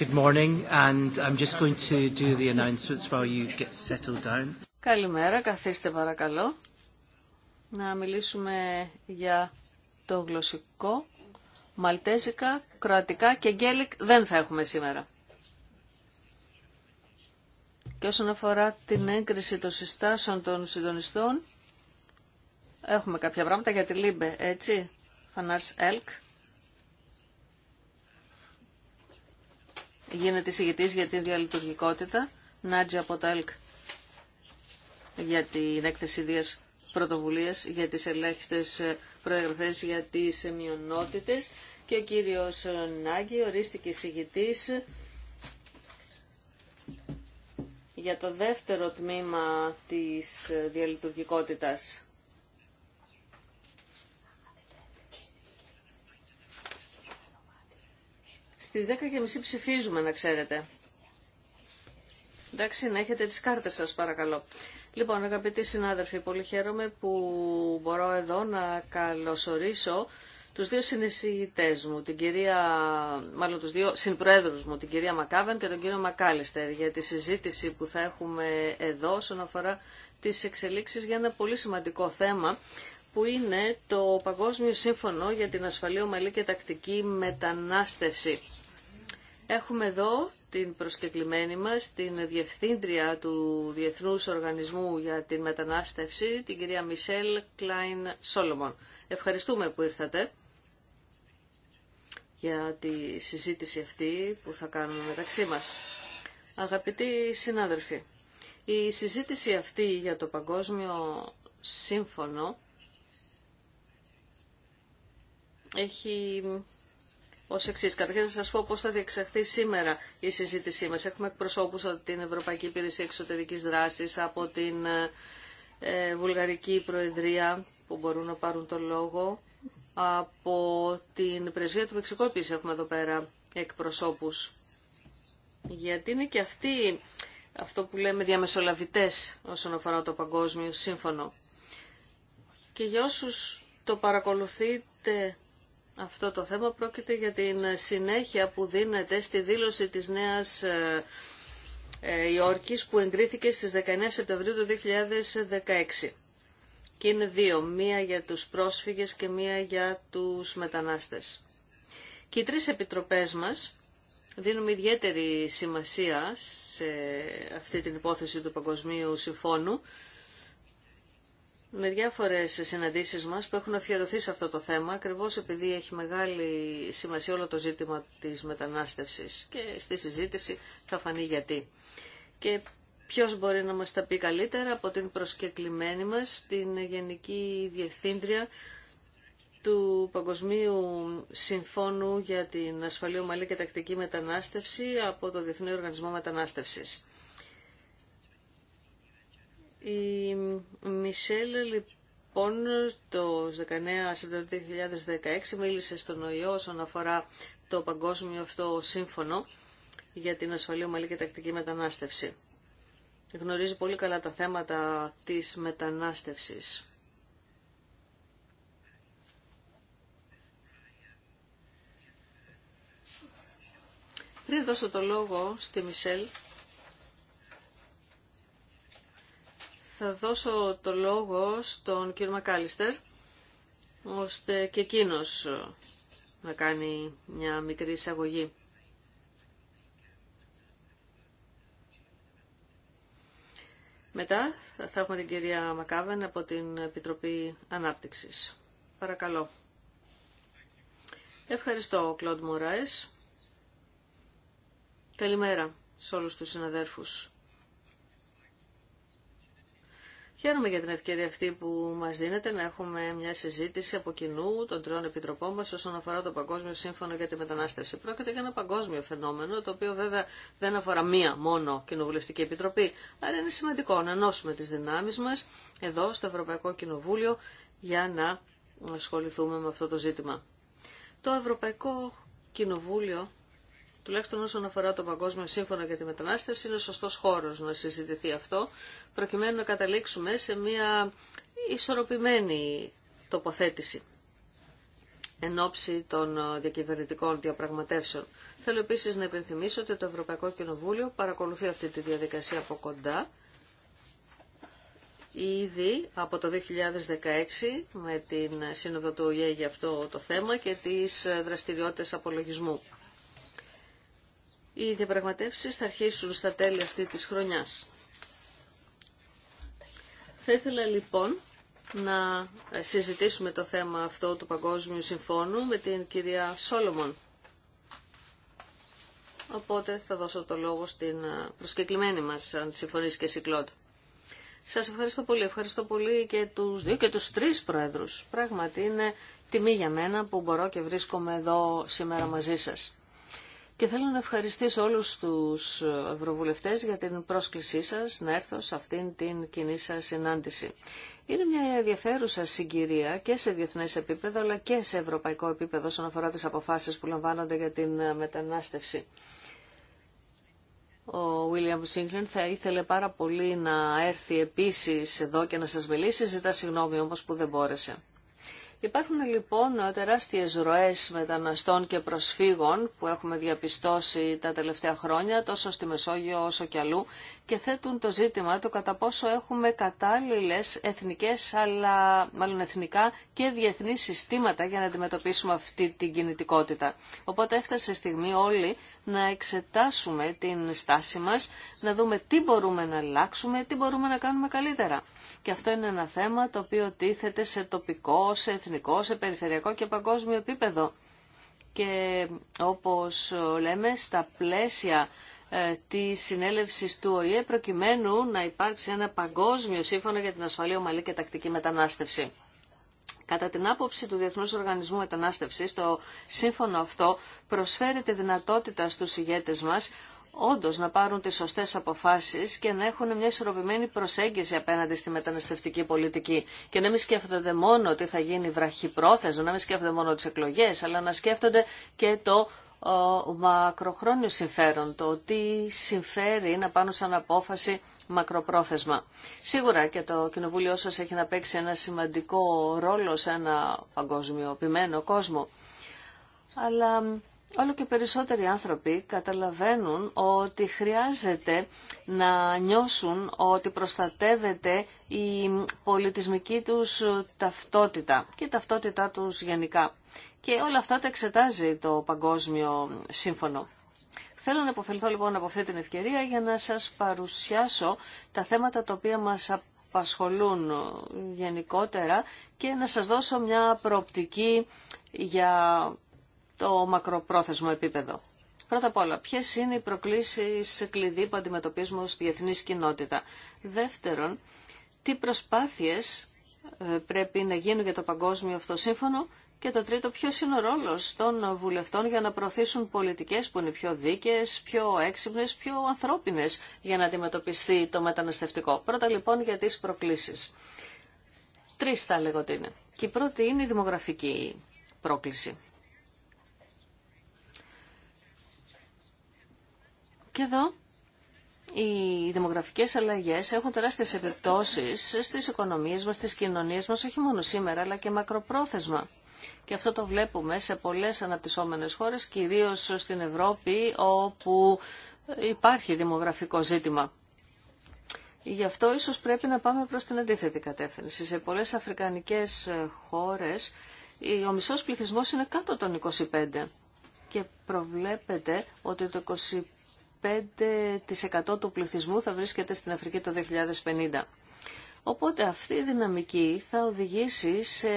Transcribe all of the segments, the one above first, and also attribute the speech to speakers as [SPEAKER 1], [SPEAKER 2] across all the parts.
[SPEAKER 1] good morning. And I'm just going to do the
[SPEAKER 2] announcements while you get settled down.
[SPEAKER 3] Καλημέρα, καθίστε παρακαλώ. Να μιλήσουμε για το γλωσσικό, μαλτέζικα, κροατικά και γκέλικ δεν θα έχουμε σήμερα. Και όσον αφορά την έγκριση των συστάσεων των συντονιστών, έχουμε κάποια πράγματα για τη Λίμπε, έτσι, Φανάρς ΕΛΚ. γίνεται εισηγητή για τη διαλειτουργικότητα, Νάτζια Ποτάλκ, για την έκθεση δίας πρωτοβουλία για τι ελάχιστε ε, προεγραφές για τι ε, μειονότητε. και ο κύριος ε, Νάγκη ορίστηκε εισηγητή για το δεύτερο τμήμα της διαλειτουργικότητας Στις 10.30 ψηφίζουμε, να ξέρετε. Εντάξει, να έχετε τις κάρτες σας παρακαλώ. Λοιπόν, αγαπητοί συνάδελφοι, πολύ χαίρομαι που μπορώ εδώ να καλωσορίσω τους δύο συνεισηγητές μου, την κυρία, μάλλον τους δύο συμπροέδρους μου, την κυρία Μακάβεν και τον κύριο Μακάλιστερ, για τη συζήτηση που θα έχουμε εδώ όσον αφορά τις εξελίξεις για ένα πολύ σημαντικό θέμα που είναι το Παγκόσμιο Σύμφωνο για την Ασφαλή Ομαλή και Τακτική Μετανάστευση. Έχουμε εδώ την προσκεκλημένη μας, την Διευθύντρια του Διεθνούς Οργανισμού για την Μετανάστευση, την κυρία Μισελ Κλάιν Σόλομον. Ευχαριστούμε που ήρθατε για τη συζήτηση αυτή που θα κάνουμε μεταξύ μας. Αγαπητοί συνάδελφοι, η συζήτηση αυτή για το Παγκόσμιο Σύμφωνο έχει Ω εξή, καταρχήν να σα πω πώ θα διεξαχθεί σήμερα η συζήτησή μα. Έχουμε εκπροσώπου από την Ευρωπαϊκή Υπηρεσία Εξωτερική Δράση, από την ε, Βουλγαρική Προεδρία που μπορούν να πάρουν το λόγο, από την Πρεσβεία του Μεξικού επίση έχουμε εδώ πέρα εκπροσώπου. Γιατί είναι και αυτοί αυτό που λέμε διαμεσολαβητές όσον αφορά το Παγκόσμιο Σύμφωνο. Και για το παρακολουθείτε αυτό το θέμα πρόκειται για την συνέχεια που δίνεται στη δήλωση της Νέας ε, ε, Υόρκης που εγκρίθηκε στις 19 Σεπτεμβρίου του 2016. Και είναι δύο, μία για τους πρόσφυγες και μία για τους μετανάστες. Και οι τρεις επιτροπές μας δίνουν ιδιαίτερη σημασία σε αυτή την υπόθεση του Παγκοσμίου Συμφώνου με διάφορες συναντήσεις μας που έχουν αφιερωθεί σε αυτό το θέμα, ακριβώς επειδή έχει μεγάλη σημασία όλο το ζήτημα της μετανάστευσης και στη συζήτηση θα φανεί γιατί. Και ποιος μπορεί να μας τα πει καλύτερα από την προσκεκλημένη μας, την Γενική Διευθύντρια του Παγκοσμίου Συμφώνου για την Ασφαλή Ομαλή και Τακτική Μετανάστευση από το Διεθνή Οργανισμό Μετανάστευσης. Η Μισελ λοιπόν το 19 Σεπτεμβρίου 2016 μίλησε στον ΟΗΟ όσον αφορά το παγκόσμιο αυτό σύμφωνο για την ασφαλή ομαλή και τακτική μετανάστευση. Γνωρίζει πολύ καλά τα θέματα της μετανάστευσης. Πριν δώσω το λόγο στη Μισελ, Θα δώσω το λόγο στον κύριο Μακάλιστερ, ώστε και εκείνος ε, να κάνει μια μικρή εισαγωγή. Μετά θα έχουμε την κυρία Μακάβεν από την Επιτροπή Ανάπτυξης. Παρακαλώ. Ευχαριστώ, Κλοντ Μωράες. Καλημέρα σε όλους τους συναδέρφους. Χαίρομαι για την ευκαιρία αυτή που μας δίνεται να έχουμε μια συζήτηση από κοινού των τριών επιτροπών μας όσον αφορά το Παγκόσμιο Σύμφωνο για τη Μετανάστευση. Πρόκειται για ένα παγκόσμιο φαινόμενο, το οποίο βέβαια δεν αφορά μία μόνο κοινοβουλευτική επιτροπή, αλλά είναι σημαντικό να ενώσουμε τις δυνάμεις μας εδώ στο Ευρωπαϊκό Κοινοβούλιο για να ασχοληθούμε με αυτό το ζήτημα. Το Ευρωπαϊκό Κοινοβούλιο τουλάχιστον όσον αφορά το Παγκόσμιο Σύμφωνο για τη Μετανάστευση, είναι σωστό χώρο να συζητηθεί αυτό, προκειμένου να καταλήξουμε σε μια ισορροπημένη τοποθέτηση εν ώψη των διακυβερνητικών διαπραγματεύσεων. Θέλω επίσης να υπενθυμίσω ότι το Ευρωπαϊκό Κοινοβούλιο παρακολουθεί αυτή τη διαδικασία από κοντά. Ήδη από το 2016 με την Σύνοδο του ΟΙΕ για αυτό το θέμα και τις δραστηριότητες απολογισμού. Οι διαπραγματεύσεις θα αρχίσουν στα τέλη αυτή της χρονιάς. Θα ήθελα λοιπόν να συζητήσουμε το θέμα αυτό του Παγκόσμιου Συμφώνου με την κυρία Σόλομον. Οπότε θα δώσω το λόγο στην ε, προσκεκλημένη μας, αν συμφωνείς και εσύ Σας ευχαριστώ πολύ. Ευχαριστώ πολύ και τους δύο και τους τρεις πρόεδρους. Πράγματι είναι τιμή για μένα που μπορώ και βρίσκομαι εδώ σήμερα μαζί σας. Και θέλω να ευχαριστήσω όλους τους ευρωβουλευτές για την πρόσκλησή σας να έρθω σε αυτήν την κοινή σας συνάντηση. Είναι μια ενδιαφέρουσα συγκυρία και σε διεθνές επίπεδο αλλά και σε ευρωπαϊκό επίπεδο όσον αφορά τις αποφάσεις που λαμβάνονται για την μετανάστευση. Ο Βίλιαμ Σίγκλεν θα ήθελε πάρα πολύ να έρθει επίσης εδώ και να σας μιλήσει, ζητά συγγνώμη όμως που δεν μπόρεσε. Υπάρχουν λοιπόν τεράστιες ροές μεταναστών και προσφύγων που έχουμε διαπιστώσει τα τελευταία χρόνια τόσο στη Μεσόγειο όσο και αλλού και θέτουν το ζήτημα το κατά πόσο έχουμε κατάλληλες εθνικές αλλά μάλλον εθνικά και διεθνή συστήματα για να αντιμετωπίσουμε αυτή την κινητικότητα. Οπότε έφτασε η στιγμή όλοι να εξετάσουμε την στάση μας, να δούμε τι μπορούμε να αλλάξουμε, τι μπορούμε να κάνουμε καλύτερα. Και αυτό είναι ένα θέμα το οποίο τίθεται σε τοπικό, σε εθνικό, σε περιφερειακό και παγκόσμιο επίπεδο. Και όπως λέμε, στα πλαίσια ε, της συνέλευσης του ΟΗΕ προκειμένου να υπάρξει ένα παγκόσμιο σύμφωνο για την ασφαλή ομαλή και τακτική μετανάστευση. Κατά την άποψη του Διεθνούς Οργανισμού Μετανάστευσης, το σύμφωνο αυτό προσφέρει τη δυνατότητα στους ηγέτες μας Όντω να πάρουν τι σωστέ αποφάσει και να έχουν μια ισορροπημένη προσέγγιση απέναντι στη μεταναστευτική πολιτική. Και να μην σκέφτονται μόνο τι θα γίνει βραχυπρόθεσμα, να μην σκέφτονται μόνο τι εκλογέ, αλλά να σκέφτονται και το μακροχρόνιο συμφέρον, το τι συμφέρει να πάνω σαν απόφαση μακροπρόθεσμα. Σίγουρα και το κοινοβούλιο σα έχει να παίξει ένα σημαντικό ρόλο σε ένα παγκοσμιοποιημένο κόσμο. Αλλά όλο και περισσότεροι άνθρωποι καταλαβαίνουν ότι χρειάζεται να νιώσουν ότι προστατεύεται η πολιτισμική τους ταυτότητα και η ταυτότητά τους γενικά. Και όλα αυτά τα εξετάζει το Παγκόσμιο Σύμφωνο. Θέλω να υποφελθώ λοιπόν από αυτή την ευκαιρία για να σας παρουσιάσω τα θέματα τα οποία μας απασχολούν γενικότερα και να σας δώσω μια προοπτική για το μακροπρόθεσμο επίπεδο. Πρώτα απ' όλα, ποιε είναι οι προκλήσει κλειδί που αντιμετωπίζουμε ω διεθνή κοινότητα. Δεύτερον, τι προσπάθειε ε, πρέπει να γίνουν για το παγκόσμιο αυτό σύμφωνο. Και το τρίτο, ποιο είναι ο ρόλο των βουλευτών για να προωθήσουν πολιτικέ που είναι πιο δίκαιε, πιο έξυπνε, πιο ανθρώπινε για να αντιμετωπιστεί το μεταναστευτικό. Πρώτα λοιπόν για τι προκλήσει. Τρει θα λέγω ότι είναι. Και η πρώτη είναι η δημογραφική πρόκληση. Και εδώ οι δημογραφικές αλλαγές έχουν τεράστιες επιπτώσεις στις οικονομίες μας, στις κοινωνίες μας, όχι μόνο σήμερα, αλλά και μακροπρόθεσμα. Και αυτό το βλέπουμε σε πολλές αναπτυσσόμενες χώρες, κυρίως στην Ευρώπη, όπου υπάρχει δημογραφικό ζήτημα. Γι' αυτό ίσως πρέπει να πάμε προς την αντίθετη κατεύθυνση. Σε πολλές αφρικανικές χώρες ο μισός πληθυσμός είναι κάτω των 25 και προβλέπεται ότι το 25% του πληθυσμού θα βρίσκεται στην Αφρική το 2050. Οπότε αυτή η δυναμική θα οδηγήσει σε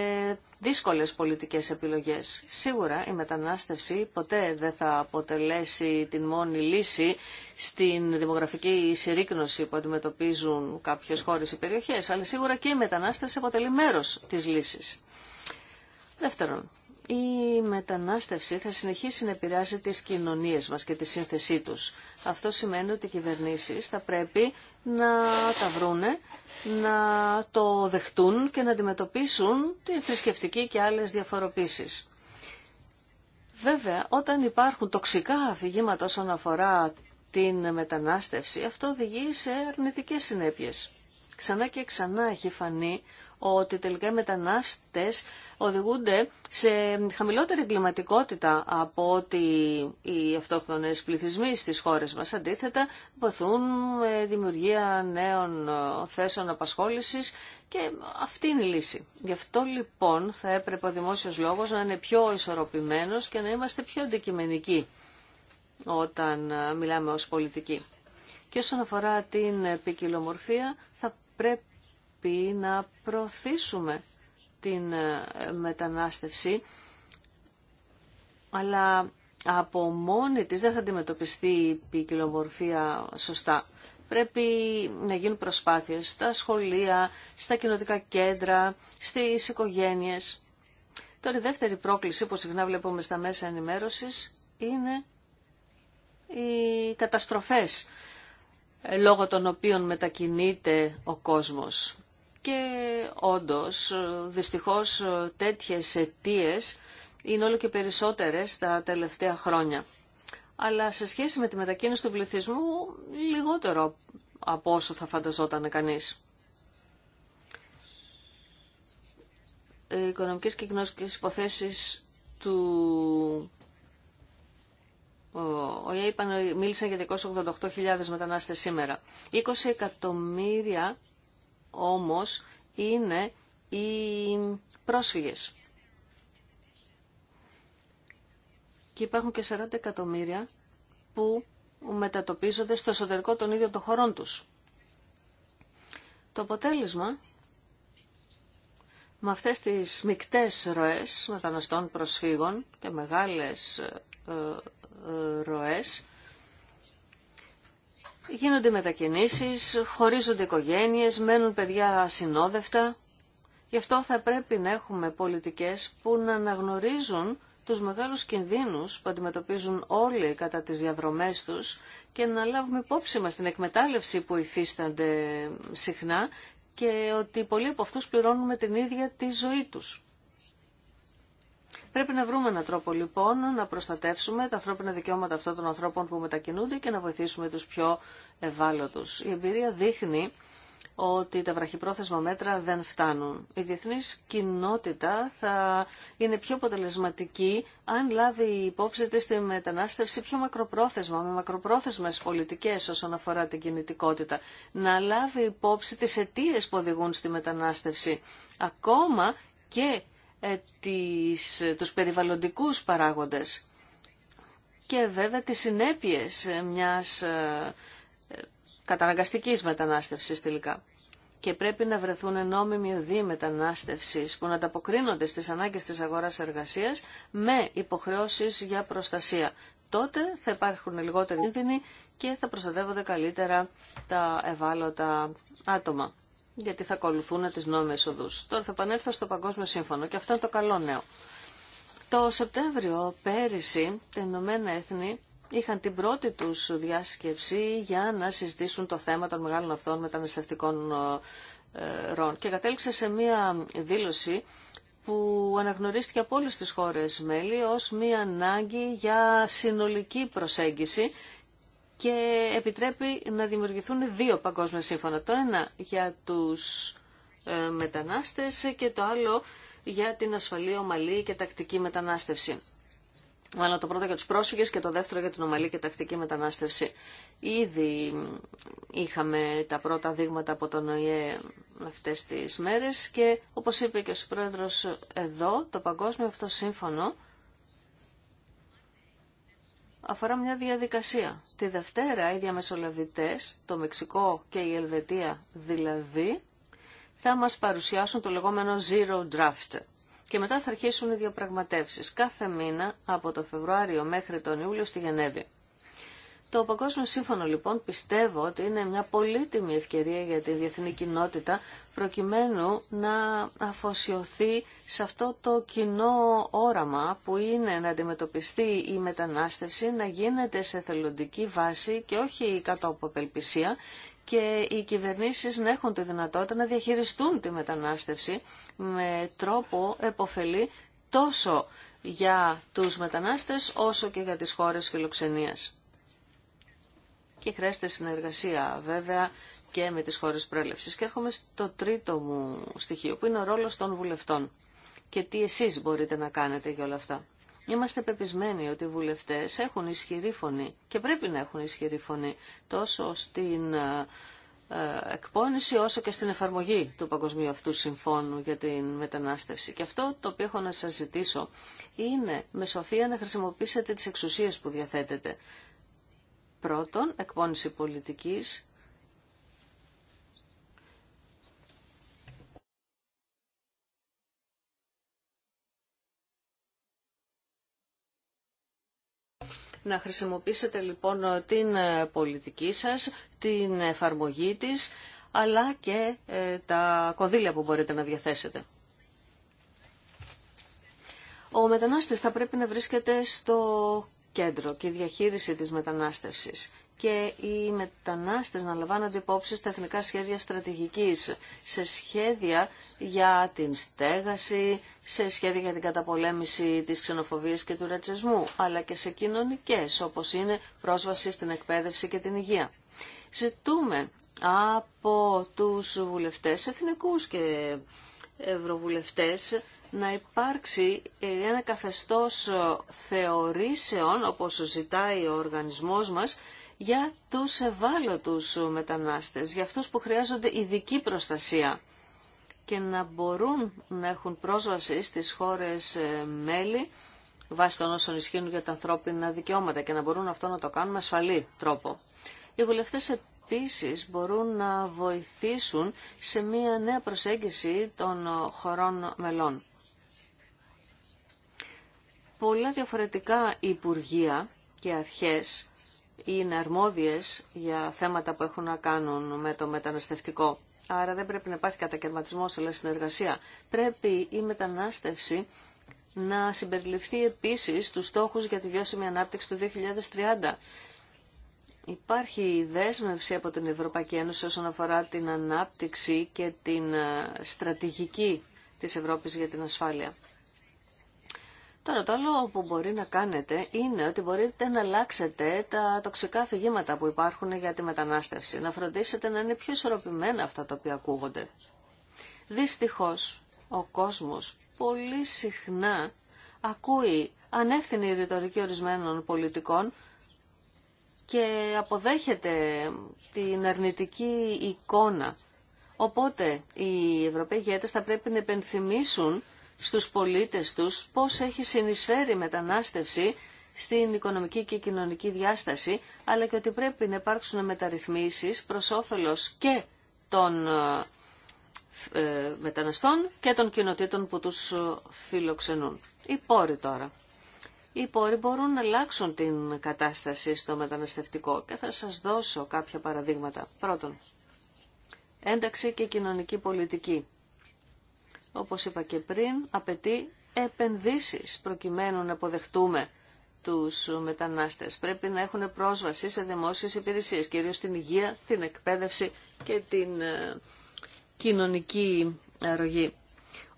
[SPEAKER 3] δύσκολες πολιτικές επιλογές. Σίγουρα η μετανάστευση ποτέ δεν θα αποτελέσει την μόνη λύση στην δημογραφική συρρήκνωση που αντιμετωπίζουν κάποιες χώρες ή περιοχές, αλλά σίγουρα και η μετανάστευση αποτελεί μέρος της λύσης. Δεύτερον, η μετανάστευση θα συνεχίσει να επηρεάζει τις κοινωνίες μας και τη σύνθεσή τους. Αυτό σημαίνει ότι οι κυβερνήσεις θα πρέπει να τα βρούνε, να το δεχτούν και να αντιμετωπίσουν τη θρησκευτική και άλλες διαφοροποίησεις. Βέβαια, όταν υπάρχουν τοξικά αφηγήματα όσον αφορά την μετανάστευση, αυτό οδηγεί σε αρνητικές συνέπειες. Ξανά και ξανά έχει φανεί ότι τελικά οι μετανάστες οδηγούνται σε χαμηλότερη εγκληματικότητα από ότι οι αυτόχθονες πληθυσμοί στις χώρες μας. Αντίθετα, βοηθούν με δημιουργία νέων θέσεων απασχόλησης και αυτή είναι η λύση. Γι' αυτό λοιπόν θα έπρεπε ο δημόσιος λόγος να είναι πιο ισορροπημένος και να είμαστε πιο αντικειμενικοί όταν μιλάμε ως πολιτικοί. Και όσον αφορά την ποικιλομορφία, θα πρέπει πρέπει να προωθήσουμε την ε, μετανάστευση, αλλά από μόνη της δεν θα αντιμετωπιστεί η ποικιλομορφία σωστά. Πρέπει να γίνουν προσπάθειες στα σχολεία, στα κοινωτικά κέντρα, στις οικογένειες. Τώρα η δεύτερη πρόκληση που συχνά βλέπουμε στα μέσα ενημέρωσης είναι οι καταστροφές ε, λόγω των οποίων μετακινείται ο κόσμος. Και όντως, δυστυχώς, τέτοιες αιτίε είναι όλο και περισσότερες τα τελευταία χρόνια. Αλλά σε σχέση με τη μετακίνηση του πληθυσμού, λιγότερο από όσο θα φανταζόταν κανείς. Οι ε, οικονομικές και γνώσεις υποθέσεις του Ιαϊπαν μίλησαν για 288.000 μετανάστες σήμερα. 20 εκατομμύρια όμως είναι οι πρόσφυγες. Και υπάρχουν και 40 εκατομμύρια που μετατοπίζονται στο εσωτερικό των ίδιων των χωρών τους. Το αποτέλεσμα με αυτές τις μικτές ροές μεταναστών προσφύγων και μεγάλες ε, ε, ροές Γίνονται μετακινήσεις, χωρίζονται οικογένειες, μένουν παιδιά ασυνόδευτα. Γι' αυτό θα πρέπει να έχουμε πολιτικές που να αναγνωρίζουν τους μεγάλους κινδύνους που αντιμετωπίζουν όλοι κατά τις διαδρομές τους και να λάβουμε υπόψη μας την εκμετάλλευση που υφίστανται συχνά και ότι πολλοί από αυτούς πληρώνουν την ίδια τη ζωή τους. Πρέπει να βρούμε έναν τρόπο λοιπόν να προστατεύσουμε τα ανθρώπινα δικαιώματα αυτών των ανθρώπων που μετακινούνται και να βοηθήσουμε τους πιο ευάλωτους. Η εμπειρία δείχνει ότι τα βραχυπρόθεσμα μέτρα δεν φτάνουν. Η διεθνής κοινότητα θα είναι πιο αποτελεσματική αν λάβει υπόψη της τη μετανάστευση πιο μακροπρόθεσμα, με μακροπρόθεσμες πολιτικές όσον αφορά την κινητικότητα. Να λάβει υπόψη τις αιτίες που οδηγούν στη μετανάστευση. Ακόμα και ε, τις, τους περιβαλλοντικούς παράγοντες και βέβαια τις συνέπειες ε, μιας ε, καταναγκαστικής μετανάστευσης τελικά. Και πρέπει να βρεθούν νόμιμοι οδοί μετανάστευσης που να ανταποκρίνονται στις ανάγκες της αγοράς εργασίας με υποχρεώσεις για προστασία. Τότε θα υπάρχουν λιγότεροι κίνδυνοι και θα προστατεύονται καλύτερα τα ευάλωτα άτομα γιατί θα ακολουθούν τις νόμιες οδούς. Τώρα θα επανέλθω στο Παγκόσμιο Σύμφωνο και αυτό είναι το καλό νέο. Το Σεπτέμβριο πέρυσι τα Ηνωμένα Έθνη είχαν την πρώτη τους διάσκεψη για να συζητήσουν το θέμα των μεγάλων αυτών μεταναστευτικών ε, ε, ροών και κατέληξε σε μία δήλωση που αναγνωρίστηκε από όλες τις χώρες μέλη ως μία ανάγκη για συνολική προσέγγιση και επιτρέπει να δημιουργηθούν δύο παγκόσμια σύμφωνα. Το ένα για τους ε, μετανάστες και το άλλο για την ασφαλή ομαλή και τακτική μετανάστευση. Μάλλον το πρώτο για τους πρόσφυγες και το δεύτερο για την ομαλή και τακτική μετανάστευση. Ήδη είχαμε τα πρώτα δείγματα από τον ΟΗΕ αυτές τις μέρες και όπως είπε και ο Πρόεδρος εδώ, το Παγκόσμιο αυτό σύμφωνο αφορά μια διαδικασία. Τη Δευτέρα οι διαμεσολαβητές, το Μεξικό και η Ελβετία δηλαδή, θα μας παρουσιάσουν το λεγόμενο Zero Draft. Και μετά θα αρχίσουν οι διαπραγματεύσεις κάθε μήνα από το Φεβρουάριο μέχρι τον Ιούλιο στη Γενέβη. Το Παγκόσμιο Σύμφωνο λοιπόν πιστεύω ότι είναι μια πολύτιμη ευκαιρία για τη διεθνή κοινότητα προκειμένου να αφοσιωθεί σε αυτό το κοινό όραμα που είναι να αντιμετωπιστεί η μετανάστευση, να γίνεται σε θελοντική βάση και όχι κάτω από απελπισία και οι κυβερνήσεις να έχουν τη δυνατότητα να διαχειριστούν τη μετανάστευση με τρόπο επωφελή τόσο για τους μετανάστες όσο και για τις χώρες φιλοξενίας και χρειάζεται συνεργασία βέβαια και με τις χώρες πρόλευσης. Και έρχομαι στο τρίτο μου στοιχείο που είναι ο ρόλος των βουλευτών και τι εσείς μπορείτε να κάνετε για όλα αυτά. Είμαστε πεπισμένοι ότι οι βουλευτές έχουν ισχυρή φωνή και πρέπει να έχουν ισχυρή φωνή τόσο στην ε, ε, εκπόνηση όσο και στην εφαρμογή του Παγκοσμίου αυτού Συμφώνου για την μετανάστευση. Και αυτό το οποίο έχω να σας ζητήσω είναι με σοφία να χρησιμοποιήσετε τις εξουσίες που διαθέτετε. Πρώτον, εκπόνηση πολιτικής να χρησιμοποιήσετε λοιπόν την ε, πολιτική σας, την εφαρμογή της, αλλά και ε, τα κονδύλια που μπορείτε να διαθέσετε. Ο μετανάστης θα πρέπει να βρίσκεται στο κέντρο και διαχείριση της μετανάστευσης και οι μετανάστες να λαμβάνονται υπόψη στα εθνικά σχέδια στρατηγικής, σε σχέδια για την στέγαση, σε σχέδια για την καταπολέμηση της ξενοφοβίας και του ρατσισμού, αλλά και σε κοινωνικές, όπως είναι πρόσβαση στην εκπαίδευση και την υγεία. Ζητούμε από τους βουλευτές, εθνικούς και ευρωβουλευτές, να υπάρξει ε, ένα καθεστώς ε, θεωρήσεων, όπως ζητάει ο οργανισμός μας, για τους ευάλωτους μετανάστες, για αυτούς που χρειάζονται ειδική προστασία και να μπορούν να έχουν πρόσβαση στις χώρες ε, μέλη βάσει των όσων ισχύουν για τα ανθρώπινα δικαιώματα και να μπορούν αυτό να το κάνουν με ασφαλή τρόπο. Οι βουλευτές επίσης μπορούν να βοηθήσουν σε μια νέα προσέγγιση των χωρών μελών πολλά διαφορετικά υπουργεία και αρχές είναι αρμόδιες για θέματα που έχουν να κάνουν με το μεταναστευτικό. Άρα δεν πρέπει να υπάρχει κατακαιρματισμός αλλά συνεργασία. Πρέπει η μετανάστευση να συμπεριληφθεί επίσης τους στόχους για τη βιώσιμη ανάπτυξη του 2030. Υπάρχει δέσμευση από την Ευρωπαϊκή Ένωση όσον αφορά την ανάπτυξη και την ε, στρατηγική της Ευρώπης για την ασφάλεια. Τώρα το άλλο που μπορεί να κάνετε είναι ότι μπορείτε να αλλάξετε τα τοξικά αφηγήματα που υπάρχουν για τη μετανάστευση. Να φροντίσετε να είναι πιο ισορροπημένα αυτά τα οποία ακούγονται. Δυστυχώς ο κόσμος πολύ συχνά ακούει ανεύθυνη ρητορική ορισμένων πολιτικών και αποδέχεται την αρνητική εικόνα. Οπότε οι Ευρωπαίοι ηγέτες θα πρέπει να υπενθυμίσουν στους πολίτες τους πώς έχει συνεισφέρει η μετανάστευση στην οικονομική και κοινωνική διάσταση, αλλά και ότι πρέπει να υπάρξουν μεταρρυθμίσεις προς όφελος και των ε, ε, μεταναστών και των κοινοτήτων που τους ε, φιλοξενούν. Οι πόροι τώρα. Οι πόροι μπορούν να αλλάξουν την κατάσταση στο μεταναστευτικό και θα σας δώσω κάποια παραδείγματα. Πρώτον, ένταξη και κοινωνική πολιτική όπως είπα και πριν, απαιτεί επενδύσεις προκειμένου να αποδεχτούμε τους μετανάστες. Πρέπει να έχουν πρόσβαση σε δημόσιες υπηρεσίες, κυρίως στην υγεία, την εκπαίδευση και την ε, κοινωνική αρρωγή. Ε,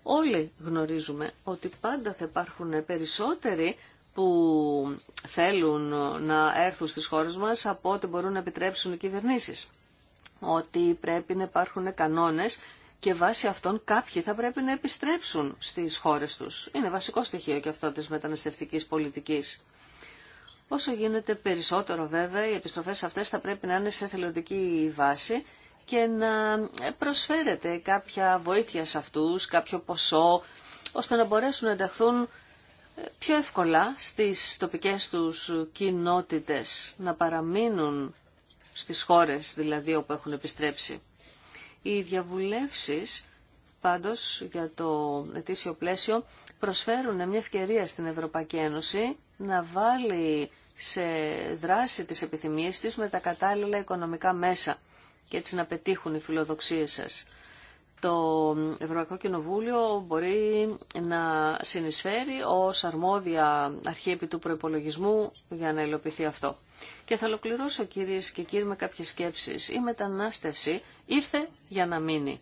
[SPEAKER 3] Όλοι γνωρίζουμε ότι πάντα θα υπάρχουν περισσότεροι που θέλουν ε, να έρθουν στις χώρες μας από ό,τι μπορούν να επιτρέψουν οι κυβερνήσεις. Ότι πρέπει να υπάρχουν κανόνες και βάσει αυτών κάποιοι θα πρέπει να επιστρέψουν στις χώρες τους. Είναι βασικό στοιχείο και αυτό της μεταναστευτικής πολιτικής. Όσο γίνεται περισσότερο βέβαια, οι επιστροφές αυτές θα πρέπει να είναι σε θελοντική βάση και να προσφέρεται κάποια βοήθεια σε αυτούς, κάποιο ποσό, ώστε να μπορέσουν να ενταχθούν ε, πιο εύκολα στις τοπικές τους κοινότητες, να παραμείνουν στις χώρες δηλαδή όπου έχουν επιστρέψει. Οι διαβουλεύσεις πάντως για το ετήσιο πλαίσιο προσφέρουν μια ευκαιρία στην Ευρωπαϊκή Ένωση να βάλει σε δράση τις επιθυμίες της με τα κατάλληλα οικονομικά μέσα και έτσι να πετύχουν οι φιλοδοξίες σας το Ευρωπαϊκό Κοινοβούλιο μπορεί να συνεισφέρει ως αρμόδια αρχή επί του προϋπολογισμού για να υλοποιηθεί αυτό. Και θα ολοκληρώσω κυρίες και κύριοι με κάποιες σκέψεις. Η μετανάστευση ήρθε για να μείνει.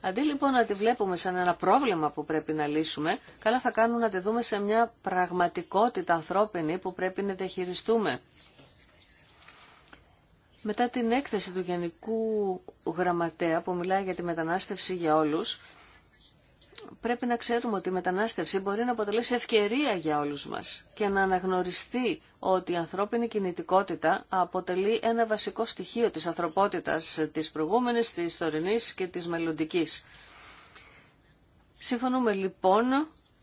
[SPEAKER 3] Αντί λοιπόν να τη βλέπουμε σαν ένα πρόβλημα που πρέπει να λύσουμε, καλά θα κάνουμε να τη δούμε σε μια πραγματικότητα ανθρώπινη που πρέπει να διαχειριστούμε. Μετά την έκθεση του Γενικού Γραμματέα που μιλάει για τη μετανάστευση για όλους, πρέπει να ξέρουμε ότι η μετανάστευση μπορεί να αποτελέσει ευκαιρία για όλους μας και να αναγνωριστεί ότι η ανθρώπινη κινητικότητα αποτελεί ένα βασικό στοιχείο της ανθρωπότητας της προηγούμενης, της ιστορικής και της μελλοντικής. Συμφωνούμε λοιπόν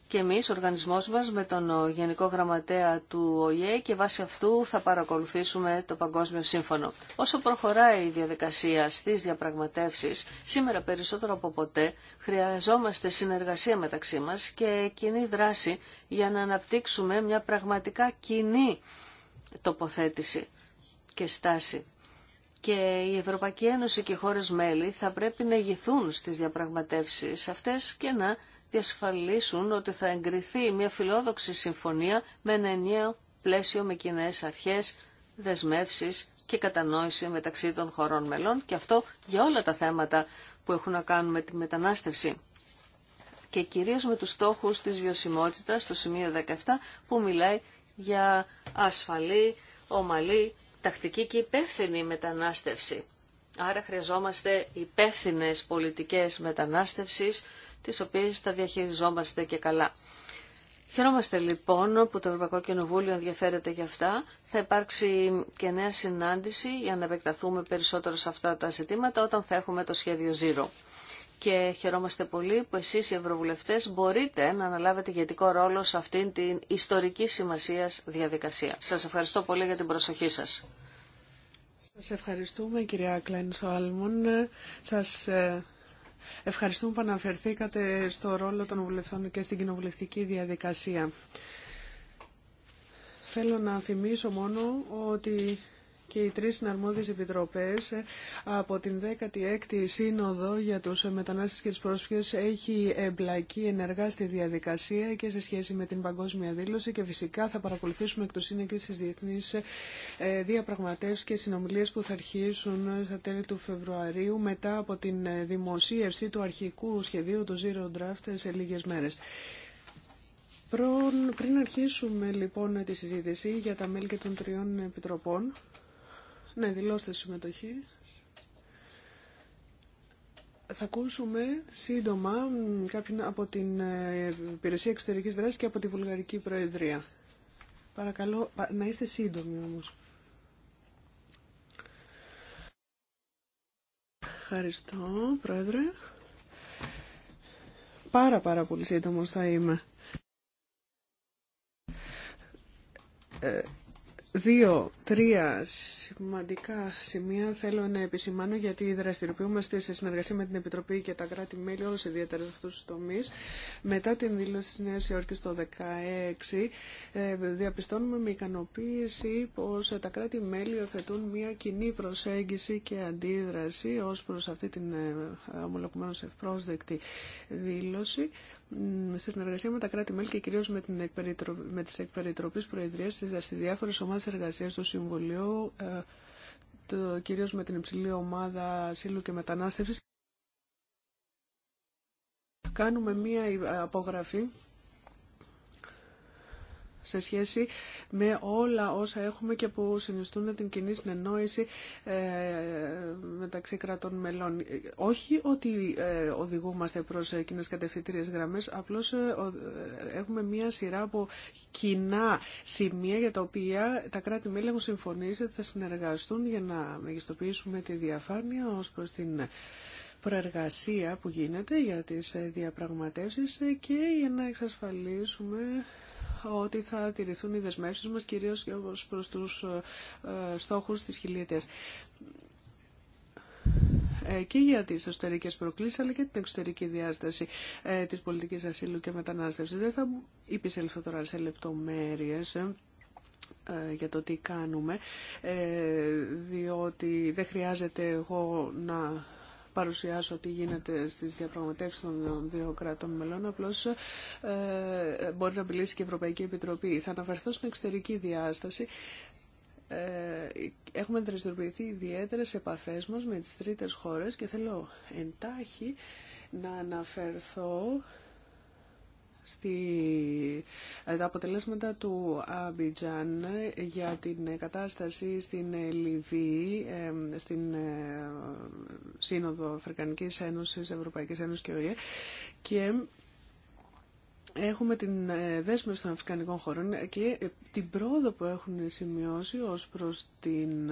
[SPEAKER 3] και εμεί, ο οργανισμός μας, με τον ε, Γενικό Γραμματέα του ΟΗΕ και βάσει αυτού θα παρακολουθήσουμε το Παγκόσμιο Σύμφωνο. Όσο προχωράει η διαδικασία στι διαπραγματεύσεις, σήμερα περισσότερο από ποτέ χρειαζόμαστε συνεργασία μεταξύ μας και κοινή δράση για να αναπτύξουμε μια πραγματικά κοινή τοποθέτηση και στάση. Και η Ευρωπαϊκή Ένωση και οι χώρες μέλη θα πρέπει να ηγηθούν στις διαπραγματεύσεις αυτές και να διασφαλίσουν ότι θα εγκριθεί μια φιλόδοξη συμφωνία με ένα ενιαίο πλαίσιο με κοινέ αρχές, δεσμεύσει και κατανόηση μεταξύ των χωρών μελών και αυτό για όλα τα θέματα που έχουν να κάνουν με τη μετανάστευση και κυρίως με τους στόχους της βιωσιμότητας στο σημείο 17 που μιλάει για ασφαλή, ομαλή, τακτική και υπεύθυνη μετανάστευση. Άρα χρειαζόμαστε υπεύθυνε πολιτικές μετανάστευσης τις οποίες θα διαχειριζόμαστε και καλά. Χαιρόμαστε λοιπόν που το Ευρωπαϊκό Κοινοβούλιο ενδιαφέρεται για αυτά. Θα υπάρξει και νέα συνάντηση για να επεκταθούμε περισσότερο σε αυτά τα ζητήματα όταν θα έχουμε το σχέδιο Zero. Και χαιρόμαστε πολύ που εσείς οι Ευρωβουλευτές μπορείτε να αναλάβετε ηγετικό ρόλο σε αυτήν την ιστορική σημασία διαδικασία. Σας ευχαριστώ πολύ για την προσοχή σας.
[SPEAKER 1] Σας ευχαριστούμε κυρία Σας ε, Ευχαριστούμε που αναφερθήκατε στο ρόλο των βουλευτών και στην κοινοβουλευτική διαδικασία. Θέλω να θυμίσω μόνο ότι και οι τρεις συναρμόδιες επιτροπές ε, από την 16η Σύνοδο για τους μετανάστες και τις πρόσφυγες έχει εμπλακεί ενεργά στη διαδικασία και σε σχέση με την παγκόσμια δήλωση και φυσικά θα παρακολουθήσουμε εκ του σύνεκης τις διεθνείς ε, διαπραγματεύσεις και συνομιλίες που θα αρχίσουν ε, στα τέλη του Φεβρουαρίου μετά από την δημοσίευση του αρχικού σχεδίου του Zero Draft σε λίγες μέρες. Πριν αρχίσουμε λοιπόν τη συζήτηση για τα μέλη και των τριών επιτροπών, ναι, δηλώστε συμμετοχή. Θα ακούσουμε σύντομα κάποιον από την ε, Υπηρεσία Εξωτερικής Δράσης και από τη Βουλγαρική Προεδρία. Παρακαλώ να είστε σύντομοι όμως. Ευχαριστώ, Πρόεδρε. Πάρα πάρα πολύ σύντομος θα είμαι. Ε, Δύο-τρία σημαντικά σημεία θέλω να επισημάνω γιατί δραστηριοποιούμαστε σε συνεργασία με την Επιτροπή και τα κράτη-μέλη όλους ιδιαίτερα σε αυτούς τους τομείς. Μετά την δήλωση της Νέας Υόρκης το 2016 ε, διαπιστώνουμε με ικανοποίηση πως τα κράτη-μέλη υιοθετούν μια κοινή προσέγγιση και αντίδραση ως προς αυτή την ε, ε, ομολογουμένως ευπρόσδεκτη δήλωση σε συνεργασία με τα κράτη-μέλη και κυρίως με, την με τις εκπεριτροπείς προεδρίες στις διάφορες ομάδες εργασίας του Συμβουλίου, ε, το, κυρίως με την υψηλή ομάδα σύλλου και μετανάστευσης. Κάνουμε μία ε, απογραφή σε σχέση με όλα όσα έχουμε και που συνιστούν την κοινή συνεννόηση ε, μεταξύ κρατών μελών. Όχι ότι ε, οδηγούμαστε προς ε, κοινέ κατευθυντήριες γραμμές, απλώς έχουμε μία σειρά από κοινά σημεία για τα οποία τα κράτη-μέλη έχουν συμφωνήσει ότι θα συνεργαστούν για να μεγιστοποιήσουμε τη διαφάνεια ως προς την προεργασία που γίνεται για τις διαπραγματεύσεις και για να εξασφαλίσουμε ότι θα τηρηθούν οι δεσμεύσεις μας κυρίως προς τους ε, στόχους της χιλιετίας ε, και για τις εσωτερικές προκλήσεις αλλά και την εξωτερική διάσταση ε, της πολιτικής ασύλου και μετανάστευσης. Δεν θα υπησέλθω τώρα σε λεπτομέρειες για το τι κάνουμε, διότι δεν χρειάζεται εγώ να παρουσιάσω τι γίνεται στις διαπραγματεύσεις των δύο κρατών μελών, απλώς ε, μπορεί να μιλήσει και η Ευρωπαϊκή Επιτροπή. Θα αναφερθώ στην εξωτερική διάσταση. Ε, έχουμε δραστηριοποιηθεί ιδιαίτερε επαφές μας με τις τρίτες χώρες και θέλω εντάχει να αναφερθώ στη, ε, τα αποτελέσματα του Αμπιτζάν για την ε, κατάσταση στην ε, Λιβύη, στην Σύνοδο Αφρικανικής Ένωσης, Ευρωπαϊκής Ένωσης και ΟΗΕ και Έχουμε την δέσμευση των Αφρικανικών χωρών και την πρόοδο που έχουν σημειώσει ως προς την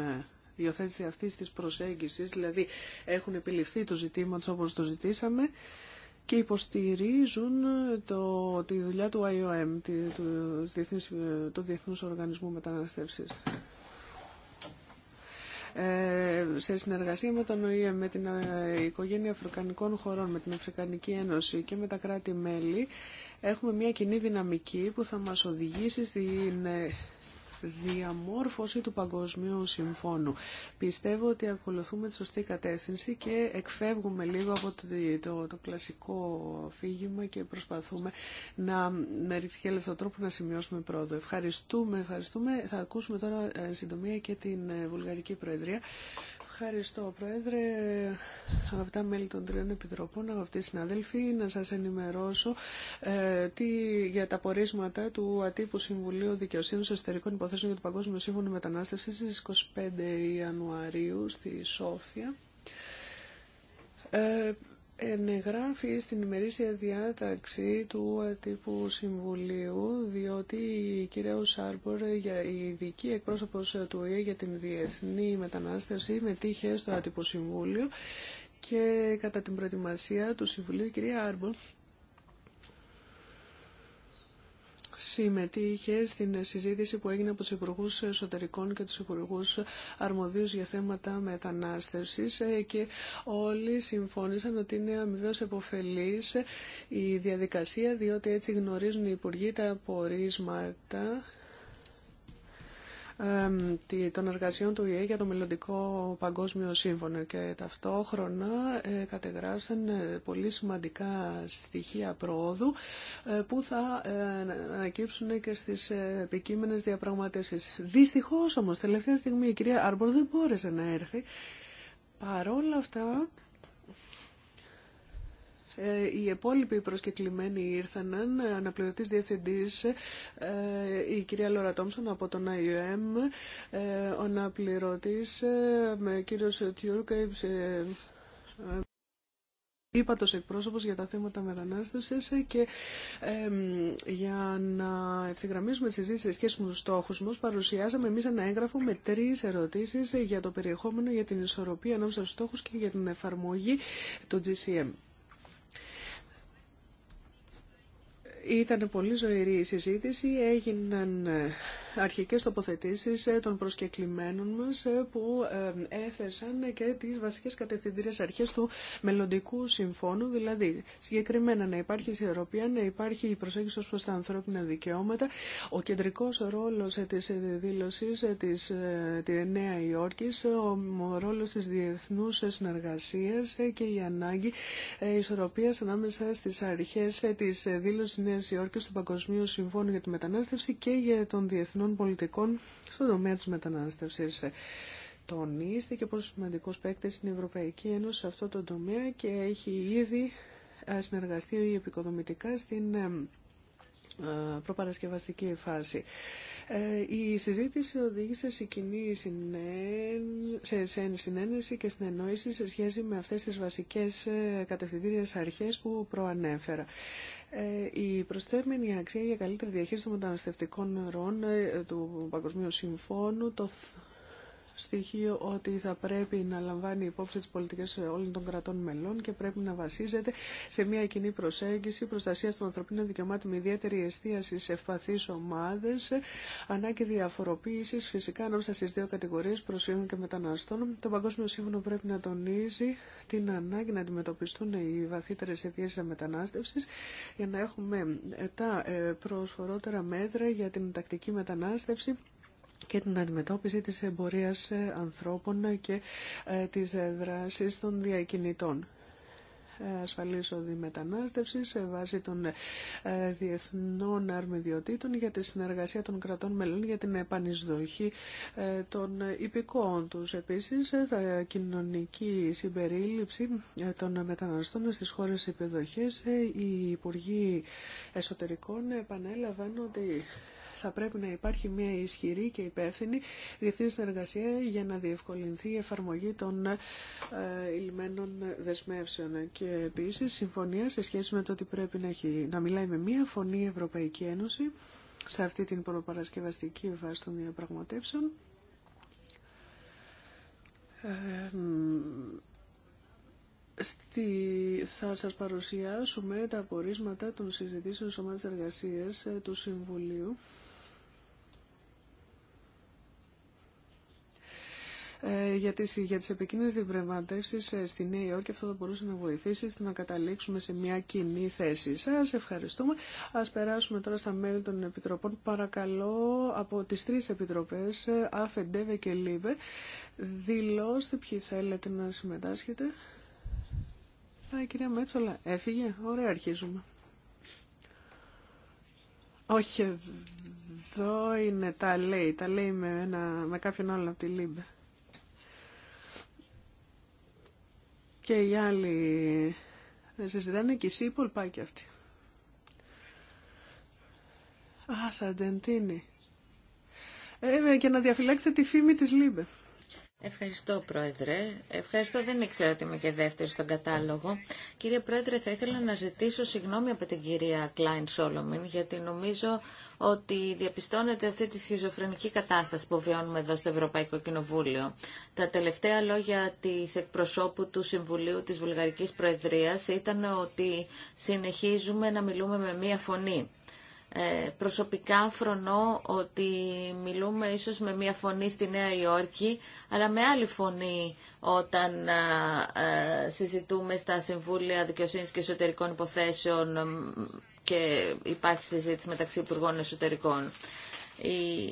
[SPEAKER 1] υιοθέτηση αυτής της προσέγγισης, δηλαδή έχουν επιληφθεί το ζητήμα όπως το ζητήσαμε, και υποστηρίζουν το, τη δουλειά του IOM, τη, του, διεθνής, Διεθνούς Οργανισμού Μεταναστεύσης. Ε, σε συνεργασία με τον ΟΗΕ, με την ε, Οικογένεια Αφρικανικών Χωρών, με την Αφρικανική Ένωση και με τα κράτη-μέλη, έχουμε μια κοινή δυναμική που θα μας οδηγήσει στην ε, διαμόρφωση του Παγκοσμίου Συμφώνου. Πιστεύω ότι ακολουθούμε τη σωστή κατεύθυνση και εκφεύγουμε λίγο από το, το, κλασικό φύγημα και προσπαθούμε να με ρητσικέλευτο τρόπο να σημειώσουμε πρόοδο. Ευχαριστούμε, ευχαριστούμε. Θα ακούσουμε τώρα ε, συντομία και την ε, Βουλγαρική Προεδρία Ευχαριστώ, Πρόεδρε, αγαπητά μέλη των τριών επιτροπών, αγαπητοί συναδέλφοι, να σας ενημερώσω ε, τι, για τα πορίσματα του Ατύπου Συμβουλίου Δικαιοσύνης Εσωτερικών Υποθέσεων για το Παγκόσμιο Σύμφωνο Μετανάστευσης στις 25 Ιανουαρίου στη Σόφια. Ε, ενεγράφει στην ημερήσια διάταξη του Ατύπου Συμβουλίου, διότι η κυρία για η ειδική εκπρόσωπος του ΕΕ για την διεθνή μετανάστευση, μετήχε στο Ατύπου Συμβούλιο και κατά την προετοιμασία του Συμβουλίου, η κυρία Άρμπορ συμμετείχε στην συζήτηση που έγινε από του υπουργού Εσωτερικών και τους υπουργού Αρμοδίους για θέματα μετανάστευση. Ε, και όλοι συμφώνησαν ότι είναι αμοιβέω επωφελή η διαδικασία διότι έτσι γνωρίζουν οι υπουργοί τα απορίσματα των εργασιών του ΙΕ για το μελλοντικό παγκόσμιο σύμφωνο και ταυτόχρονα ε, κατεγράφησαν ε, πολύ σημαντικά στοιχεία προόδου ε, που θα ανακύψουν και στις επικείμενες διαπραγματεύσεις. Δυστυχώς όμως, τελευταία στιγμή η κυρία Άρμπορ δεν μπόρεσε να έρθει. Παρόλα αυτά, ε, οι επόλοιποι προσκεκλημένοι ήρθαν, αναπληρωτής διευθυντής ε, η κυρία Λόρα Τόμσον από τον IOM, ε, ο αναπληρωτής με κύριος Τιούρκ, ύπατος εκπρόσωπος για τα θέματα μετανάστευσης και ε, για να ευθυγραμμίσουμε τη συζήτηση σε σχέση με τους στόχους μας παρουσιάσαμε εμείς ένα έγγραφο με τρεις ερωτήσεις για το περιεχόμενο, για την ισορροπία ανάμεσα στους στόχους και για την εφαρμογή του GCM. Ήταν πολύ ζωηρή η συζήτηση, έγιναν ε, αρχικές τοποθετήσεις ε, των προσκεκλημένων μας ε, που ε, έθεσαν και τις βασικές κατευθυντήρες αρχές του μελλοντικού συμφώνου, δηλαδή συγκεκριμένα να υπάρχει ισορροπία, να υπάρχει η προσέγγιση ως προς τα ανθρώπινα δικαιώματα, ο κεντρικός ρόλος της δήλωση, της, της Νέα Υόρκης, ο ρόλος της διεθνούς συνεργασίας και η ανάγκη ισορροπίας ανάμεσα στις αρχές της δήλωσης Νέας Υόρκης του Παγκοσμίου Συμφώνου για τη Μετανάστευση και για τον Διεθνό κοινών πολιτικών στον τομέα της μετανάστευσης. Τονίστηκε πόσο σημαντικό παίκτη είναι η Ευρωπαϊκή Ένωση σε αυτό το τομέα και έχει ήδη συνεργαστεί επικοδομητικά στην ε, προπαρασκευαστική φάση. Ε, η συζήτηση οδήγησε σε κοινή σε συνένεση και συνεννόηση σε σχέση με αυτές τις βασικές ε, κατευθυντήριες αρχές που προανέφερα. Η προσθέμενη αξία για καλύτερη διαχείριση των μεταναστευτικών ροών του Παγκοσμίου Συμφώνου, το στοιχείο ότι θα πρέπει να λαμβάνει υπόψη τις πολιτικές όλων των κρατών μελών και πρέπει να βασίζεται σε μια κοινή προσέγγιση προστασία των ανθρωπίνων δικαιωμάτων με ιδιαίτερη εστίαση σε ευπαθείς ομάδες, ανάγκη διαφοροποίησης φυσικά ανάμεσα στις δύο κατηγορίες προσφύγων και μεταναστών. Το Παγκόσμιο Σύμφωνο πρέπει να τονίζει την ανάγκη να αντιμετωπιστούν οι βαθύτερες αιτίες μετανάστευσης για να έχουμε τα ε, προσφορότερα μέτρα για την τακτική μετανάστευση και την αντιμετώπιση της εμπορίας ε, ανθρώπων και ε, της ε, δράσης των διακινητών ασφαλής οδή μετανάστευση σε βάση των διεθνών αρμιδιοτήτων για τη συνεργασία των κρατών μελών για την επανεισδοχή των υπηκόων τους. Επίσης, θα κοινωνική συμπερίληψη των μεταναστών στις χώρες επιδοχής Οι Υπουργοί Εσωτερικών επανέλαβαν ότι θα πρέπει να υπάρχει μια ισχυρή και υπεύθυνη διεθνή συνεργασία για να διευκολυνθεί η εφαρμογή των ε, ηλμένων δεσμεύσεων. Και επίση συμφωνία σε σχέση με το ότι πρέπει να, έχει, να μιλάει με μια φωνή η Ευρωπαϊκή Ένωση σε αυτή την προπαρασκευαστική βάση των διαπραγματεύσεων. Ε, στη... Θα σας παρουσιάσουμε τα απορίσματα των συζητήσεων σωμάτων εργασίας ε, του Συμβουλίου Ε, για τις, για τις επικίνδυνες διαπραγματεύσεις ε, στη Νέα Υόρκη. Αυτό θα μπορούσε να βοηθήσει στο να καταλήξουμε σε μια κοινή θέση. Σας ευχαριστούμε. Ας περάσουμε τώρα στα μέλη των Επιτροπών. Παρακαλώ από τις τρεις Επιτροπές, ΑΦΕΝΤΕΒΕ ε, και ΛΥΒΕ, δηλώστε ποιοι θέλετε να συμμετάσχετε. Α, η κυρία Μέτσολα έφυγε. Ωραία, αρχίζουμε. Όχι, εδώ είναι τα λέει. Τα λέει με, ένα, με κάποιον άλλον από τη ΛΥΜΠΕ. και οι άλλοι δεν συζητάνε και η ΣΥΠΟΛ πάει και αυτή. Α, Σαρτζεντίνη. Ε, και να διαφυλάξετε τη φήμη της Λίμπε.
[SPEAKER 2] Ευχαριστώ, Πρόεδρε. Ευχαριστώ. Δεν ήξερα ότι είμαι και δεύτερη στον κατάλογο. Κύριε Πρόεδρε, θα ήθελα να ζητήσω συγγνώμη από την κυρία Κλάιν Σόλομιν, γιατί νομίζω ότι διαπιστώνεται αυτή τη σχιζοφρενική κατάσταση που βιώνουμε εδώ στο Ευρωπαϊκό Κοινοβούλιο. Τα τελευταία λόγια τη εκπροσώπου του Συμβουλίου τη Βουλγαρική Προεδρία ήταν ότι συνεχίζουμε να μιλούμε με μία φωνή. Ε, προσωπικά φρονώ ότι μιλούμε ίσως με μία φωνή στη Νέα Υόρκη, αλλά με άλλη φωνή όταν ε, ε, συζητούμε στα Συμβούλια Δικαιοσύνης και Εσωτερικών Υποθέσεων και υπάρχει συζήτηση μεταξύ Υπουργών Εσωτερικών. Η...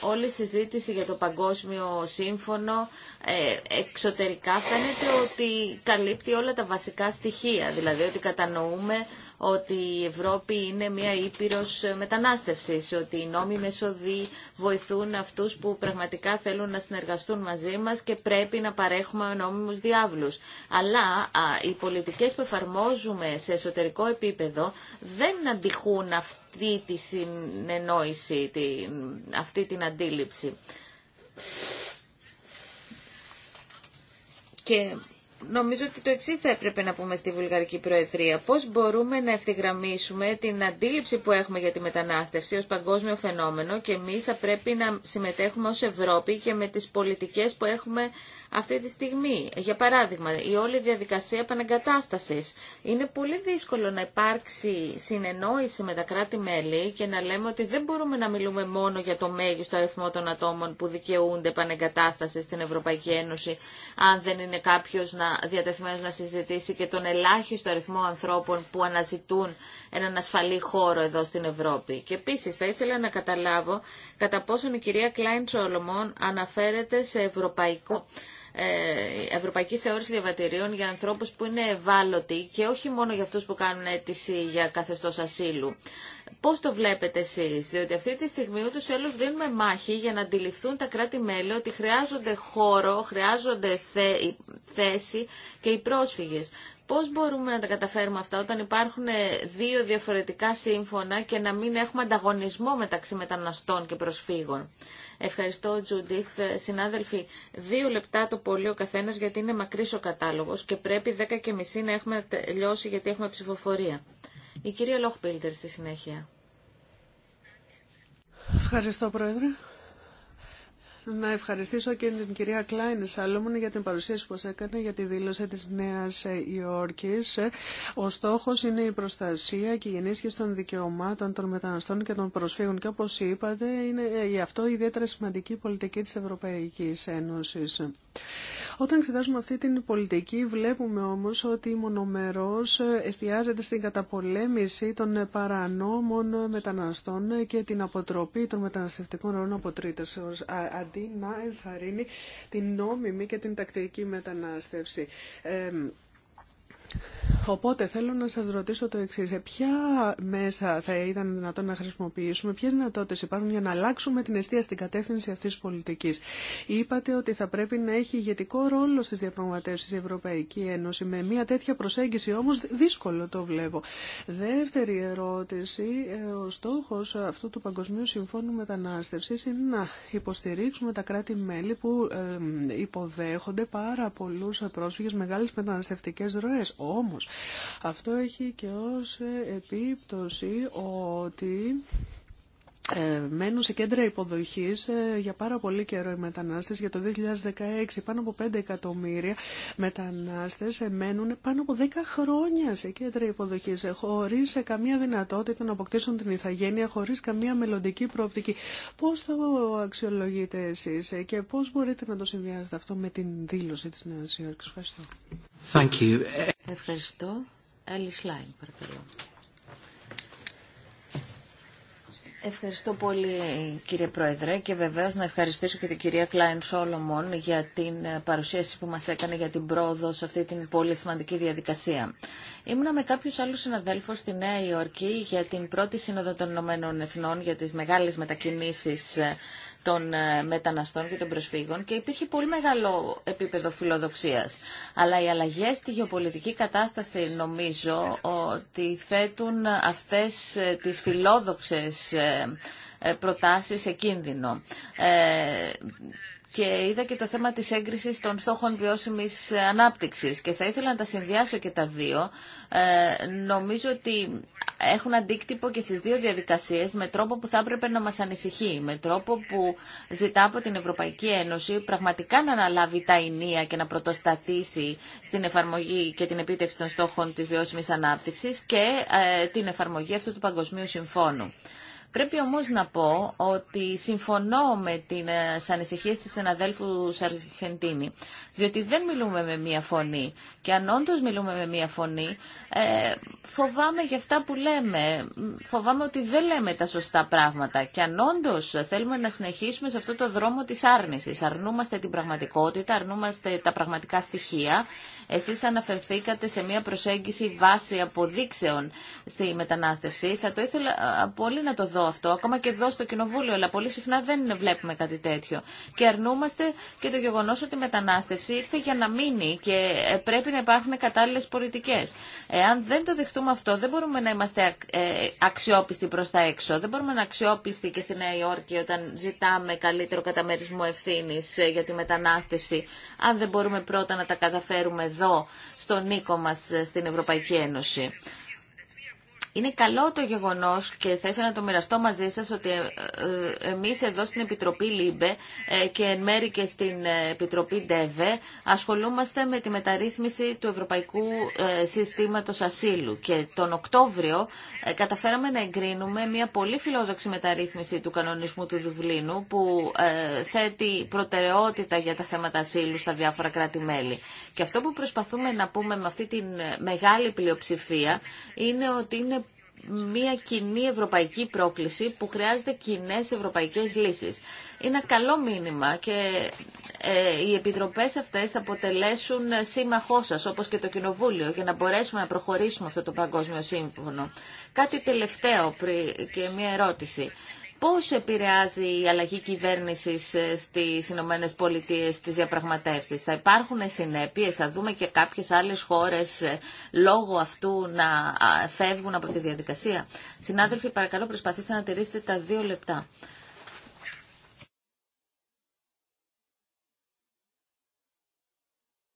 [SPEAKER 2] Όλη η συζήτηση για το Παγκόσμιο Σύμφωνο ε, εξωτερικά φαίνεται ότι καλύπτει όλα τα βασικά στοιχεία, δηλαδή ότι κατανοούμε ότι η Ευρώπη είναι μια ήπειρος μετανάστευσης, ότι οι νόμιμες μεσοδοί βοηθούν αυτούς που πραγματικά θέλουν να συνεργαστούν μαζί μας και πρέπει να παρέχουμε νόμιμους διάβλους. Αλλά οι πολιτικές που εφαρμόζουμε σε εσωτερικό επίπεδο δεν αντιχούν αυτή τη συνεννόηση, αυτή την αντίληψη. Και νομίζω ότι το εξή θα έπρεπε να πούμε στη Βουλγαρική Προεδρία. Πώ μπορούμε να ευθυγραμμίσουμε την αντίληψη που έχουμε για τη μετανάστευση ω παγκόσμιο φαινόμενο και εμεί θα πρέπει να συμμετέχουμε ω Ευρώπη και με τι πολιτικέ που έχουμε αυτή τη στιγμή. Για παράδειγμα, η όλη διαδικασία επαναγκατάσταση. Είναι πολύ δύσκολο να υπάρξει συνεννόηση με τα κράτη-μέλη και να λέμε ότι δεν μπορούμε να μιλούμε μόνο για το μέγιστο αριθμό των ατόμων που δικαιούνται επαναγκατάσταση στην Ευρωπαϊκή Ένωση, αν δεν είναι κάποιο να διατεθειμένος να συζητήσει και τον ελάχιστο αριθμό ανθρώπων που αναζητούν έναν ασφαλή χώρο εδώ στην Ευρώπη. Και επίσης θα ήθελα να καταλάβω κατά πόσον η κυρία Κλάιν Τσόλομον αναφέρεται σε ευρωπαϊκό ε, ευρωπαϊκή θεώρηση διαβατηρίων για ανθρώπους που είναι ευάλωτοι και όχι μόνο για αυτούς που κάνουν αίτηση για καθεστώς ασύλου. Πώς το βλέπετε εσείς, διότι αυτή τη στιγμή ούτως έλος δίνουμε μάχη για να αντιληφθούν τα κράτη-μέλη ότι χρειάζονται χώρο, χρειάζονται θέση και οι πρόσφυγες. Πώς μπορούμε να τα καταφέρουμε αυτά όταν υπάρχουν δύο διαφορετικά σύμφωνα και να μην έχουμε ανταγωνισμό μεταξύ μεταναστών και προσφύγων. Ευχαριστώ, Τζούντιθ. Συνάδελφοι, δύο λεπτά το πολύ ο καθένας γιατί είναι μακρύς ο κατάλογος και πρέπει δέκα και μισή να έχουμε τελειώσει γιατί έχουμε ψηφοφορία. Η κυρία Λόχπίλτερ στη συνέχεια.
[SPEAKER 1] Ευχαριστώ, Πρόεδρε. Να ευχαριστήσω και την κυρία Κλάιν Σάλομον για την παρουσίαση που έκανε για τη δήλωση της Νέας Υόρκης. Ο στόχος είναι η προστασία και η ενίσχυση των δικαιωμάτων των μεταναστών και των προσφύγων. Και όπως είπατε, είναι γι' αυτό ιδιαίτερα σημαντική πολιτική της Ευρωπαϊκής Ένωσης. Όταν εξετάζουμε αυτή την πολιτική βλέπουμε όμως ότι μονομερός εστιάζεται στην καταπολέμηση των παρανόμων μεταναστών και την αποτροπή των μεταναστευτικών ροών από τρίτε αντί να ενθαρρύνει την νόμιμη και την τακτική μετανάστευση. Οπότε θέλω να σας ρωτήσω το εξή. Σε ποια μέσα θα ήταν δυνατόν να χρησιμοποιήσουμε, ποιες δυνατότητες υπάρχουν για να αλλάξουμε την αιστεία στην κατεύθυνση αυτής της πολιτικής. Είπατε ότι θα πρέπει να έχει ηγετικό ρόλο στις διαπραγματεύσεις η Ευρωπαϊκή Ένωση. Με μια τέτοια προσέγγιση όμως δύσκολο το βλέπω. Δεύτερη ερώτηση, ε, ο στόχος αυτού του Παγκοσμίου Συμφώνου Μετανάστευσης είναι να υποστηρίξουμε τα κράτη-μέλη που υποδέχονται πάρα πολλούς πρόσφυγες μεγάλες μεταναστευτικές ροές. Όμως αυτό έχει και ως επίπτωση ότι ε, μένουν σε κέντρα υποδοχής ε, για πάρα πολύ καιρό οι μετανάστες. Για το 2016 πάνω από 5 εκατομμύρια μετανάστες ε, μένουν πάνω από 10 χρόνια σε κέντρα υποδοχής χωρίς καμία δυνατότητα να αποκτήσουν την ηθαγένεια, χωρίς καμία μελλοντική προοπτική. Πώς το αξιολογείτε εσείς και πώς μπορείτε να το συνδυάζετε αυτό με την δήλωση της Νέας Υόρκης. Ευχαριστώ. Thank you. Ευχαριστώ. παρακαλώ.
[SPEAKER 2] Ευχαριστώ πολύ κύριε Πρόεδρε και βεβαίως να ευχαριστήσω και την κυρία Κλάιν Σόλομον για την παρουσίαση που μας έκανε για την πρόοδο σε αυτή την πολύ σημαντική διαδικασία. Ήμουνα με κάποιους άλλους συναδέλφους στη Νέα Υόρκη για την πρώτη Σύνοδο των Ηνωμένων Εθνών για τις μεγάλες μετακινήσεις ε, των ε, μεταναστών και των προσφύγων και υπήρχε πολύ μεγάλο επίπεδο φιλοδοξίας. Αλλά οι αλλαγές στη γεωπολιτική κατάσταση νομίζω ότι θέτουν αυτές ε, τις φιλόδοξες ε, προτάσεις σε κίνδυνο και είδα και το θέμα της έγκρισης των στόχων βιώσιμης ανάπτυξης και θα ήθελα να τα συνδυάσω και τα δύο. Ε, νομίζω ότι έχουν αντίκτυπο και στις δύο διαδικασίες με τρόπο που θα έπρεπε να μας ανησυχεί, με τρόπο που ζητά από την Ευρωπαϊκή Ένωση πραγματικά να αναλάβει τα ενία και να πρωτοστατήσει στην εφαρμογή και την επίτευξη των στόχων της βιώσιμης ανάπτυξης και ε, την εφαρμογή αυτού του Παγκοσμίου Συμφώνου. Πρέπει όμως να πω ότι συμφωνώ με ε, τις ανησυχίες της συναδέλφου Αργεντίνη διότι δεν μιλούμε με μία φωνή. Και αν όντω μιλούμε με μία φωνή, ε, φοβάμαι για αυτά που λέμε. Φοβάμαι ότι δεν λέμε τα σωστά πράγματα. Και αν όντω θέλουμε να συνεχίσουμε σε αυτό το δρόμο τη άρνηση, αρνούμαστε την πραγματικότητα, αρνούμαστε τα πραγματικά στοιχεία. Εσεί αναφερθήκατε σε μία προσέγγιση βάση αποδείξεων στη μετανάστευση. Θα το ήθελα πολύ να το δω αυτό, ακόμα και εδώ στο Κοινοβούλιο, αλλά πολύ συχνά δεν βλέπουμε κάτι τέτοιο. Και αρνούμαστε και το γεγονό ότι η μετανάστευση ήρθε για να μείνει και ε, πρέπει να υπάρχουν κατάλληλε πολιτικέ. Εάν δεν το δεχτούμε αυτό, δεν μπορούμε να είμαστε ε, αξιόπιστοι προ τα έξω. Δεν μπορούμε να αξιόπιστοι και στη Νέα Υόρκη όταν ζητάμε καλύτερο καταμερισμό ευθύνη ε, για τη μετανάστευση, αν δεν μπορούμε πρώτα να τα καταφέρουμε εδώ, στον οίκο μα στην Ευρωπαϊκή Ένωση. Είναι καλό το γεγονός και θα ήθελα να το μοιραστώ μαζί σας ότι ε, ε, εμείς εδώ στην Επιτροπή ΛΥΜΠΕ ε, και εν μέρη και στην Επιτροπή ΝΤΕΒΕ ασχολούμαστε με τη μεταρρύθμιση του Ευρωπαϊκού Συστήματος Ασύλου και τον Οκτώβριο καταφέραμε να εγκρίνουμε μια πολύ φιλόδοξη μεταρρύθμιση του κανονισμού του Δουβλίνου που θέτει προτεραιότητα για τα θέματα ασύλου στα διάφορα κράτη-μέλη. Και αυτό που προσπαθούμε να πούμε με αυτή τη μεγάλη πλειοψηφία είναι ότι είναι μια κοινή ευρωπαϊκή πρόκληση που χρειάζεται κοινέ ευρωπαϊκές λύσεις. Είναι ένα καλό μήνυμα και ε, οι επιτροπέ αυτές θα αποτελέσουν σύμμαχό σα, όπως και το Κοινοβούλιο, για να μπορέσουμε να προχωρήσουμε αυτό το Παγκόσμιο Σύμφωνο. Κάτι τελευταίο και μια ερώτηση. Πώς επηρεάζει η αλλαγή κυβέρνησης ε, στις ΗΠΑ, Πολιτείες τις διαπραγματεύσεις. Θα υπάρχουν συνέπειες, θα δούμε και κάποιες άλλες χώρες ε, λόγω αυτού να φεύγουν από τη διαδικασία. Συνάδελφοι, παρακαλώ προσπαθήστε να τηρήσετε τα δύο λεπτά.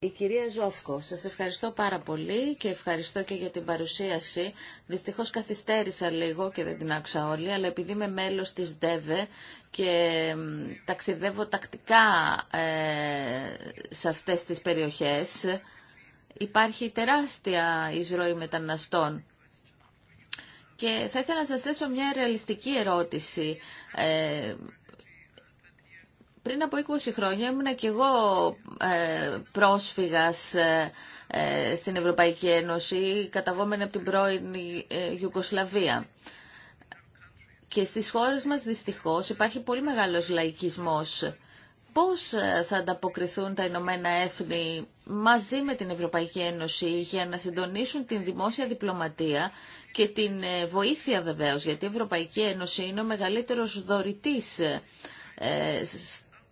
[SPEAKER 2] Η κυρία Ζόφκο, σας ευχαριστώ πάρα πολύ και ευχαριστώ και για την παρουσίαση. Δυστυχώς καθυστέρησα λίγο και δεν την άκουσα όλη, αλλά επειδή είμαι μέλο της ΔΕΒΕ και ταξιδεύω τακτικά ε, σε αυτές τις περιοχές, υπάρχει τεράστια εισρωή μεταναστών. Και θα ήθελα να σας θέσω μια ρεαλιστική ερώτηση. Ε, πριν από 20 χρόνια ήμουν και εγώ ε, πρόσφυγας ε, ε, στην Ευρωπαϊκή Ένωση, καταγόμενη από την πρώην Ιουκοσλαβία. Και στις χώρες μας δυστυχώς υπάρχει πολύ μεγάλος λαϊκισμός. Πώς θα ανταποκριθούν τα Ηνωμένα Έθνη μαζί με την Ευρωπαϊκή Ένωση για να συντονίσουν την δημόσια διπλωματία και την βοήθεια βεβαίως, γιατί η Ευρωπαϊκή Ένωση είναι ο μεγαλύτερος δωρητής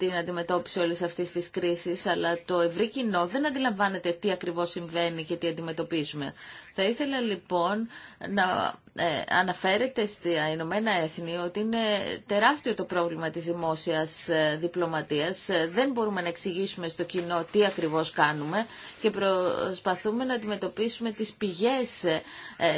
[SPEAKER 2] την αντιμετώπιση όλη αυτή τις κρίση, αλλά το ευρύ κοινό δεν αντιλαμβάνεται τι ακριβώς συμβαίνει και τι αντιμετωπίζουμε. Θα ήθελα λοιπόν να ε, αναφέρεται στα Ηνωμένα Έθνη ότι είναι τεράστιο το πρόβλημα της δημόσιας ε, διπλωματίας. Ε, δεν μπορούμε να εξηγήσουμε στο κοινό τι ακριβώς κάνουμε και προσπαθούμε να αντιμετωπίσουμε τις πηγές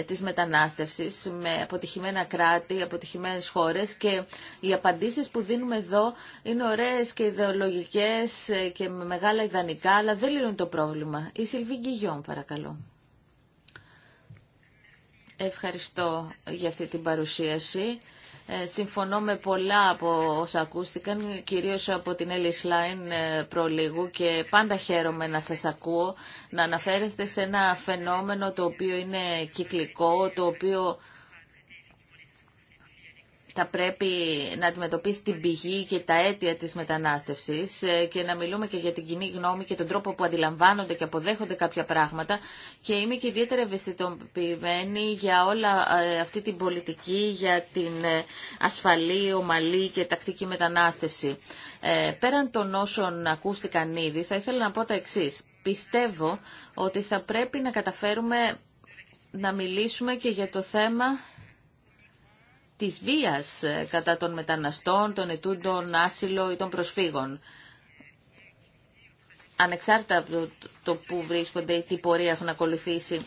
[SPEAKER 2] της μετανάστευσης με αποτυχημένα κράτη, αποτυχημένες χώρες και οι απαντήσεις που δίνουμε εδώ είναι ωραίες και ιδεολογικές και με μεγάλα ιδανικά, αλλά δεν λύνουν το πρόβλημα. Η Σιλβί Γκυγιόν, παρακαλώ. Ευχαριστώ για αυτή την παρουσίαση. Ε, συμφωνώ με πολλά από όσα ακούστηκαν, κυρίως από την Ellis Line ε, προλίγου και πάντα χαίρομαι να σας ακούω, να αναφέρεστε σε ένα φαινόμενο το οποίο είναι κυκλικό, το οποίο θα πρέπει να αντιμετωπίσει την πηγή και τα αίτια της μετανάστευσης ε, και να μιλούμε και για την κοινή γνώμη και τον τρόπο που αντιλαμβάνονται και αποδέχονται κάποια πράγματα και είμαι και ιδιαίτερα ευαισθητοποιημένη για όλα ε, αυτή την πολιτική για την ε, ασφαλή, ομαλή και τακτική μετανάστευση. Πέραν των όσων ακούστηκαν ήδη, θα ήθελα να πω τα εξή. Πιστεύω ότι θα πρέπει να καταφέρουμε να μιλήσουμε και για το θέμα της βίας ε, κατά των μεταναστών, των ετούντων άσυλο ή των προσφύγων. Ανεξάρτητα από το που βρίσκονται ή τι πορεία έχουν ακολουθήσει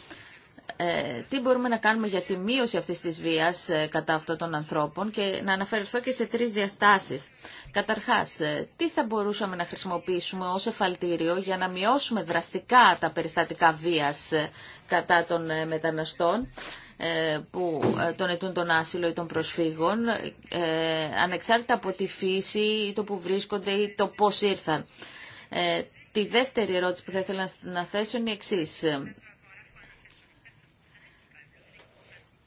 [SPEAKER 2] ε, τι μπορούμε να κάνουμε για τη μείωση αυτής της βίας ε, κατά αυτών των ανθρώπων και να αναφερθώ και σε τρεις διαστάσεις. Καταρχάς, ε, τι θα μπορούσαμε να χρησιμοποιήσουμε ως εφαλτήριο για να μειώσουμε δραστικά τα περιστατικά βίας ε, κατά των μεταναστών που τον ετούν τον άσυλο ή των προσφύγων, ανεξάρτητα από τη φύση ή το που βρίσκονται ή το πώς ήρθαν. Τη δεύτερη ερώτηση που θα ήθελα να θέσω είναι η εξή.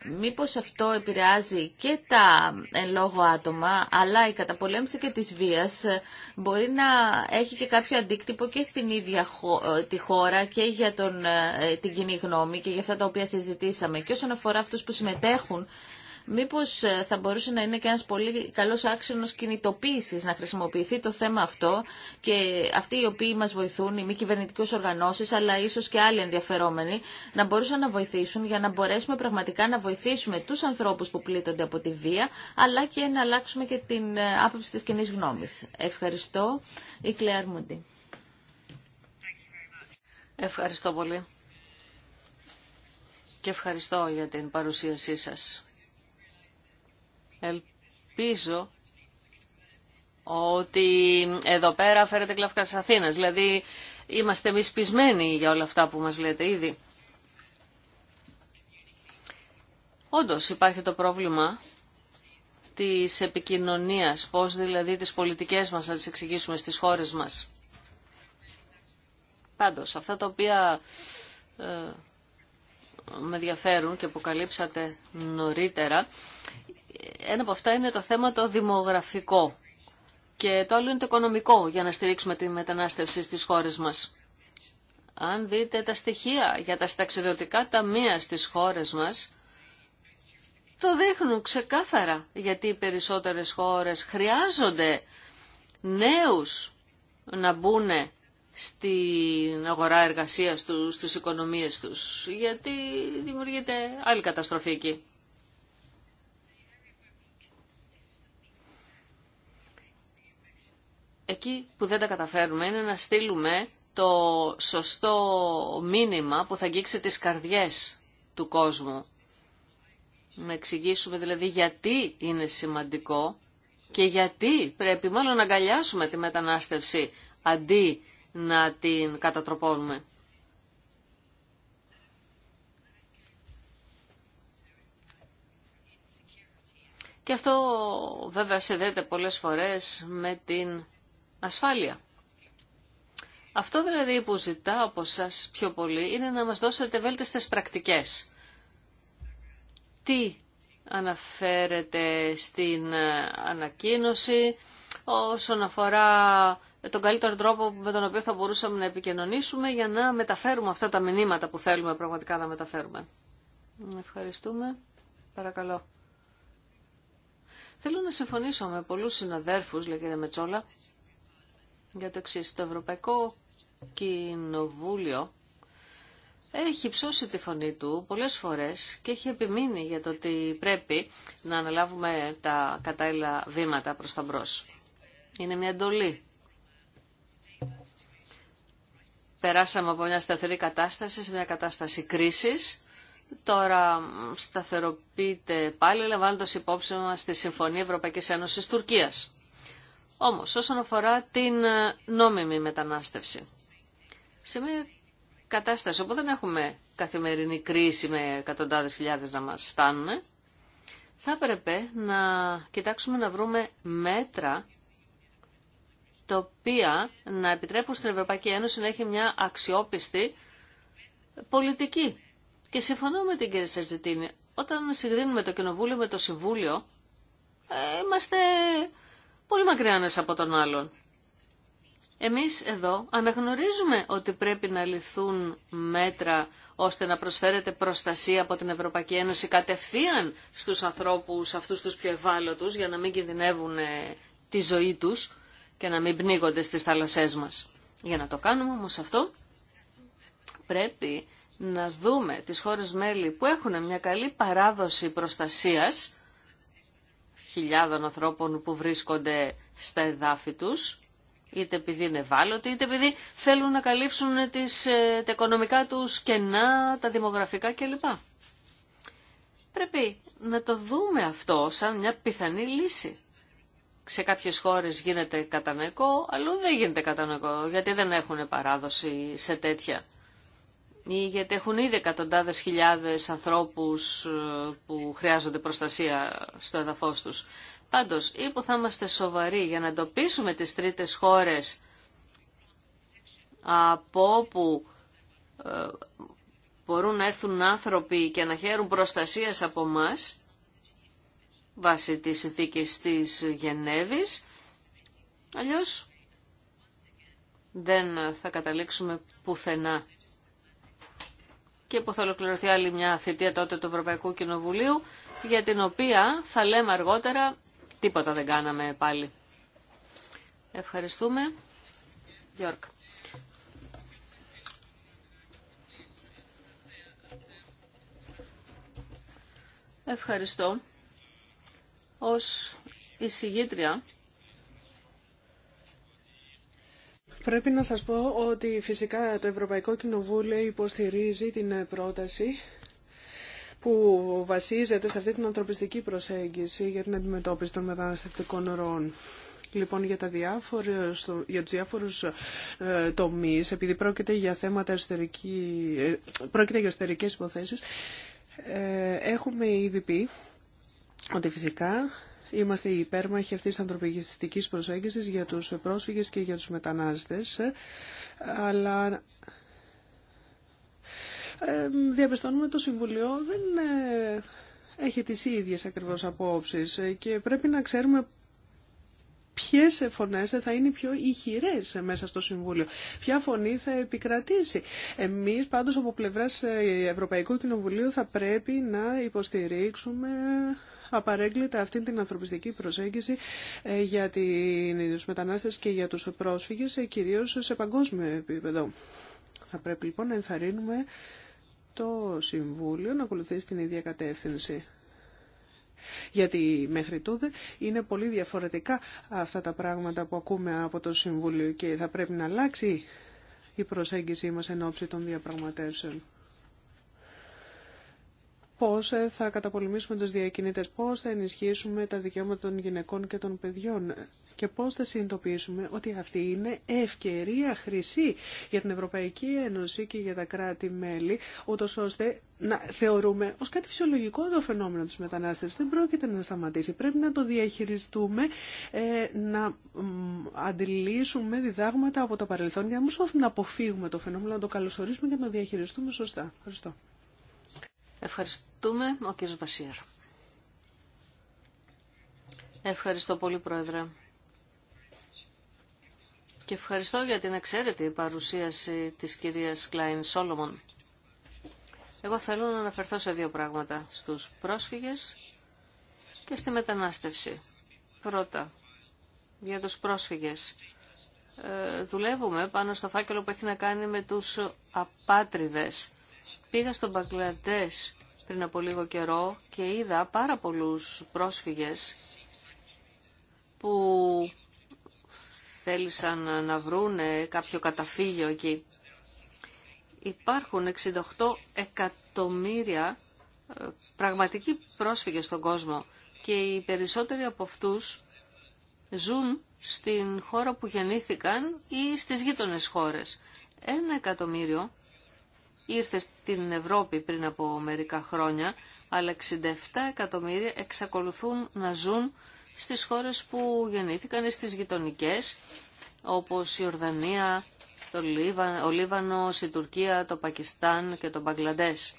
[SPEAKER 2] μήπως αυτό επηρεάζει και τα εν λόγω άτομα, αλλά η καταπολέμηση και της βίας ε, μπορεί να έχει και κάποιο αντίκτυπο και στην ίδια ε, τη χώρα και για τον, ε, την κοινή γνώμη και για αυτά τα οποία συζητήσαμε. Και όσον αφορά αυτούς που συμμετέχουν Μήπως ε, θα μπορούσε να είναι και ένας πολύ καλός άξονα κινητοποίηση να χρησιμοποιηθεί το θέμα αυτό και αυτοί οι οποίοι μας βοηθούν, οι μη κυβερνητικέ οργανώσεις, αλλά ίσως και άλλοι ενδιαφερόμενοι, να μπορούσαν να βοηθήσουν για να μπορέσουμε πραγματικά να βοηθήσουμε τους ανθρώπους που πλήττονται από τη βία, αλλά και να αλλάξουμε και την ε, άποψη τη κοινή γνώμη. Ευχαριστώ. Η Κλέαρ Μουντι. Ευχαριστώ πολύ.
[SPEAKER 3] Και ευχαριστώ για την παρουσίασή σας. Ελπίζω ότι εδώ πέρα φέρετε κλαυκά της Αθήνας. Δηλαδή είμαστε εμείς πεισμένοι για όλα αυτά που μας λέτε ήδη. Όντως υπάρχει το πρόβλημα της επικοινωνίας, πώς δηλαδή τις πολιτικές μας να τις εξηγήσουμε στις χώρες μας. Πάντως, αυτά τα οποία ε, με ενδιαφέρουν και που καλύψατε νωρίτερα, ένα από αυτά είναι το θέμα το δημογραφικό και το άλλο είναι το οικονομικό για να στηρίξουμε τη μετανάστευση στις χώρες μας. Αν δείτε τα στοιχεία για τα συνταξιδιωτικά ταμεία στις χώρες μας, το δείχνουν ξεκάθαρα γιατί οι περισσότερες χώρες χρειάζονται νέους να μπουν στην αγορά εργασίας τους, στις οικονομίες τους, γιατί δημιουργείται άλλη καταστροφή εκεί. εκεί που δεν τα καταφέρουμε είναι να στείλουμε το σωστό μήνυμα που θα αγγίξει τις καρδιές του κόσμου. Να εξηγήσουμε δηλαδή γιατί είναι σημαντικό και γιατί πρέπει μάλλον να αγκαλιάσουμε τη μετανάστευση αντί να την κατατροπώνουμε. Και αυτό βέβαια συνδέεται πολλές φορές με την ασφάλεια. Αυτό δηλαδή που ζητάω από σας πιο πολύ είναι να μας δώσετε βέλτιστες πρακτικές. Τι αναφέρεται στην ε, ανακοίνωση όσον αφορά τον καλύτερο τρόπο με τον οποίο θα μπορούσαμε να επικοινωνήσουμε για να μεταφέρουμε αυτά τα μηνύματα που θέλουμε πραγματικά να μεταφέρουμε. Ευχαριστούμε. Παρακαλώ. Θέλω να συμφωνήσω με πολλούς συναδέρφους, λέγεται Μετσόλα, για το εξή. Το Ευρωπαϊκό Κοινοβούλιο έχει ψώσει τη φωνή του πολλές φορές και έχει επιμείνει για το ότι πρέπει να αναλάβουμε τα κατάλληλα βήματα προς τα μπρος. Είναι μια εντολή. Περάσαμε από μια σταθερή κατάσταση σε μια κατάσταση κρίσης. Τώρα σταθεροποιείται πάλι λαμβάνοντας υπόψη μας τη Συμφωνία Ευρωπαϊκής Ένωσης Τουρκίας. Όμως, όσον αφορά την ε, νόμιμη μετανάστευση, σε μια κατάσταση όπου δεν έχουμε καθημερινή κρίση με εκατοντάδες χιλιάδες να μας φτάνουν, θα έπρεπε να κοιτάξουμε να βρούμε μέτρα τα οποία να επιτρέπουν στην Ευρωπαϊκή Ένωση να έχει μια αξιόπιστη πολιτική. Και συμφωνώ με την κυρία Σαρτζετίνη, όταν συγκρίνουμε το Κοινοβούλιο με το Συμβούλιο, ε, είμαστε πολύ μακριά από τον άλλον. Εμείς εδώ αναγνωρίζουμε ότι πρέπει να ληφθούν μέτρα ώστε να προσφέρεται προστασία από την Ευρωπαϊκή Ένωση κατευθείαν στους ανθρώπους αυτούς τους πιο ευάλωτους για να μην κινδυνεύουν ε, τη ζωή τους και να μην πνίγονται στις θάλασσές μας. Για να το κάνουμε όμως αυτό πρέπει να δούμε τις χώρες μέλη που έχουν μια καλή παράδοση προστασίας χιλιάδων ανθρώπων που βρίσκονται στα εδάφη τους, είτε επειδή είναι ευάλωτοι, είτε επειδή θέλουν να καλύψουν τις, ε, τα οικονομικά τους κενά, τα δημογραφικά κλπ. Πρέπει να το δούμε αυτό σαν μια πιθανή λύση. Σε κάποιες χώρες γίνεται κατανοϊκό, αλλού δεν γίνεται κατανοϊκό, γιατί δεν έχουν παράδοση σε τέτοια γιατί έχουν ήδη εκατοντάδε χιλιάδε ανθρώπους ε, που χρειάζονται προστασία στο εδαφο του. Πάντως, ή που θα είμαστε σοβαροί για να εντοπίσουμε τις τρίτες χώρες από όπου ε, μπορούν να έρθουν άνθρωποι και να χαίρουν προστασία από εμά βάσει τη συνθήκη τη Γενέβης, αλλιώ δεν θα καταλήξουμε πουθενά και που θα ολοκληρωθεί άλλη μια θητεία τότε του Ευρωπαϊκού Κοινοβουλίου, για την οποία θα λέμε αργότερα τίποτα δεν κάναμε πάλι. Ευχαριστούμε. Γιώργ. Ευχαριστώ. Ως εισηγήτρια
[SPEAKER 1] Πρέπει να σας πω ότι φυσικά το Ευρωπαϊκό Κοινοβούλιο υποστηρίζει την πρόταση που βασίζεται σε αυτή την ανθρωπιστική προσέγγιση για την αντιμετώπιση των μεταναστευτικών ροών. Λοιπόν, για, τα διάφορες, για τους διάφορους ε, τομείς, επειδή πρόκειται για θέματα εσωτερική, ε, πρόκειται για εσωτερικές υποθέσεις, ε, έχουμε ήδη πει ότι φυσικά Είμαστε οι υπέρμαχοι αυτής της ανθρωπιστικής προσέγγισης για τους πρόσφυγες και για τους μετανάστες, αλλά ε, διαπιστώνουμε το Συμβουλίο δεν ε, έχει τις ίδιες ακριβώς απόψεις και πρέπει να ξέρουμε ποιες φωνές θα είναι πιο ηχηρές μέσα στο Συμβούλιο, ποια φωνή θα επικρατήσει. Εμείς πάντως από πλευράς ε, Ευρωπαϊκού Κοινοβουλίου θα πρέπει να υποστηρίξουμε απαρέγκλητα αυτή την ανθρωπιστική προσέγγιση ε, για τους μετανάστες και για τους πρόσφυγες, ε, κυρίως σε παγκόσμιο επίπεδο. Θα πρέπει λοιπόν να ενθαρρύνουμε το Συμβούλιο να ακολουθήσει την ίδια κατεύθυνση. Γιατί μέχρι τούδε είναι πολύ διαφορετικά αυτά τα πράγματα που ακούμε από το Συμβούλιο και θα πρέπει να αλλάξει η προσέγγιση μας εν ώψη των διαπραγματεύσεων πώς θα καταπολεμήσουμε τους διακινήτες, πώς θα ενισχύσουμε τα δικαιώματα των γυναικών και των παιδιών και πώς θα συνειδητοποιήσουμε ότι αυτή είναι ευκαιρία χρυσή για την Ευρωπαϊκή Ένωση και για τα κράτη-μέλη, ούτω ώστε να θεωρούμε ως κάτι φυσιολογικό το φαινόμενο της μετανάστευσης. Δεν πρόκειται να σταματήσει. Πρέπει να το διαχειριστούμε, ε, να αντιλήσουμε διδάγματα από το παρελθόν για να μην να αποφύγουμε το φαινόμενο, να το καλωσορίσουμε και να το διαχειριστούμε σωστά. Ευχαριστώ. Ευχαριστούμε, ο κ. Βασίρ.
[SPEAKER 3] Ευχαριστώ πολύ, Πρόεδρε. Και ευχαριστώ για την εξαίρετη παρουσίαση της κυρίας Κλάιν Σόλομον. Εγώ θέλω να αναφερθώ σε δύο πράγματα, στους πρόσφυγες και στη μετανάστευση. Πρώτα, για τους πρόσφυγες. Ε, δουλεύουμε πάνω στο φάκελο που έχει να κάνει με τους απάτριδες Πήγα στον Μπαγκλαντές πριν από λίγο καιρό και είδα πάρα πολλούς πρόσφυγες που θέλησαν να βρούνε κάποιο καταφύγιο εκεί. Υπάρχουν 68 εκατομμύρια ε, πραγματικοί πρόσφυγες στον κόσμο και οι περισσότεροι από αυτούς ζουν στην χώρα που γεννήθηκαν ή στις γείτονες χώρες. Ένα εκατομμύριο ήρθε στην Ευρώπη πριν από μερικά χρόνια, αλλά 67 εκατομμύρια εξακολουθούν να ζουν στις χώρες που γεννήθηκαν ή στις γειτονικές, όπως η Ορδανία, το Λίβα, ο Λίβανος, η Τουρκία, το ο λιβανος η τουρκια το πακισταν και το Μπαγκλαντές.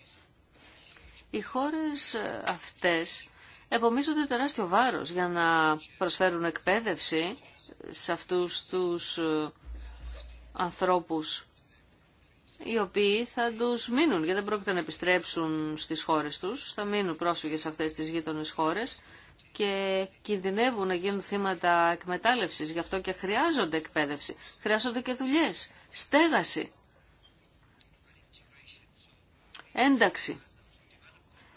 [SPEAKER 3] Οι χώρες ε, αυτές επομίζονται τεράστιο βάρος για να προσφέρουν εκπαίδευση σε αυτούς τους ε, ανθρώπους οι οποίοι θα τους μείνουν, γιατί δεν πρόκειται να επιστρέψουν στις χώρες τους, θα μείνουν πρόσφυγες σε αυτές τις γείτονε χώρες και κινδυνεύουν να γίνουν θύματα εκμετάλλευσης, γι' αυτό και χρειάζονται εκπαίδευση, χρειάζονται και δουλειές, στέγαση, ένταξη.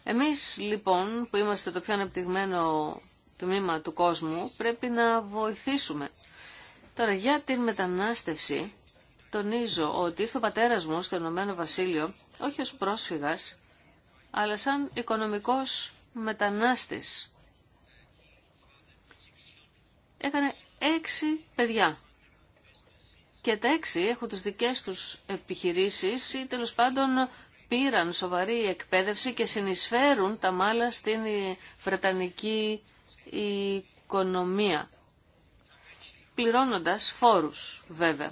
[SPEAKER 3] Εμείς λοιπόν που είμαστε το πιο ανεπτυγμένο τμήμα του κόσμου πρέπει να βοηθήσουμε. Τώρα για την μετανάστευση τονίζω ότι ήρθε ο πατέρας μου στο Ηνωμένο Βασίλειο όχι ως πρόσφυγας, αλλά σαν οικονομικός μετανάστης. Έκανε έξι παιδιά. Και τα έξι έχουν τις δικές τους επιχειρήσεις ή τέλος πάντων πήραν σοβαρή εκπαίδευση και συνεισφέρουν τα μάλα στην βρετανική οικονομία. Πληρώνοντας φόρους βέβαια.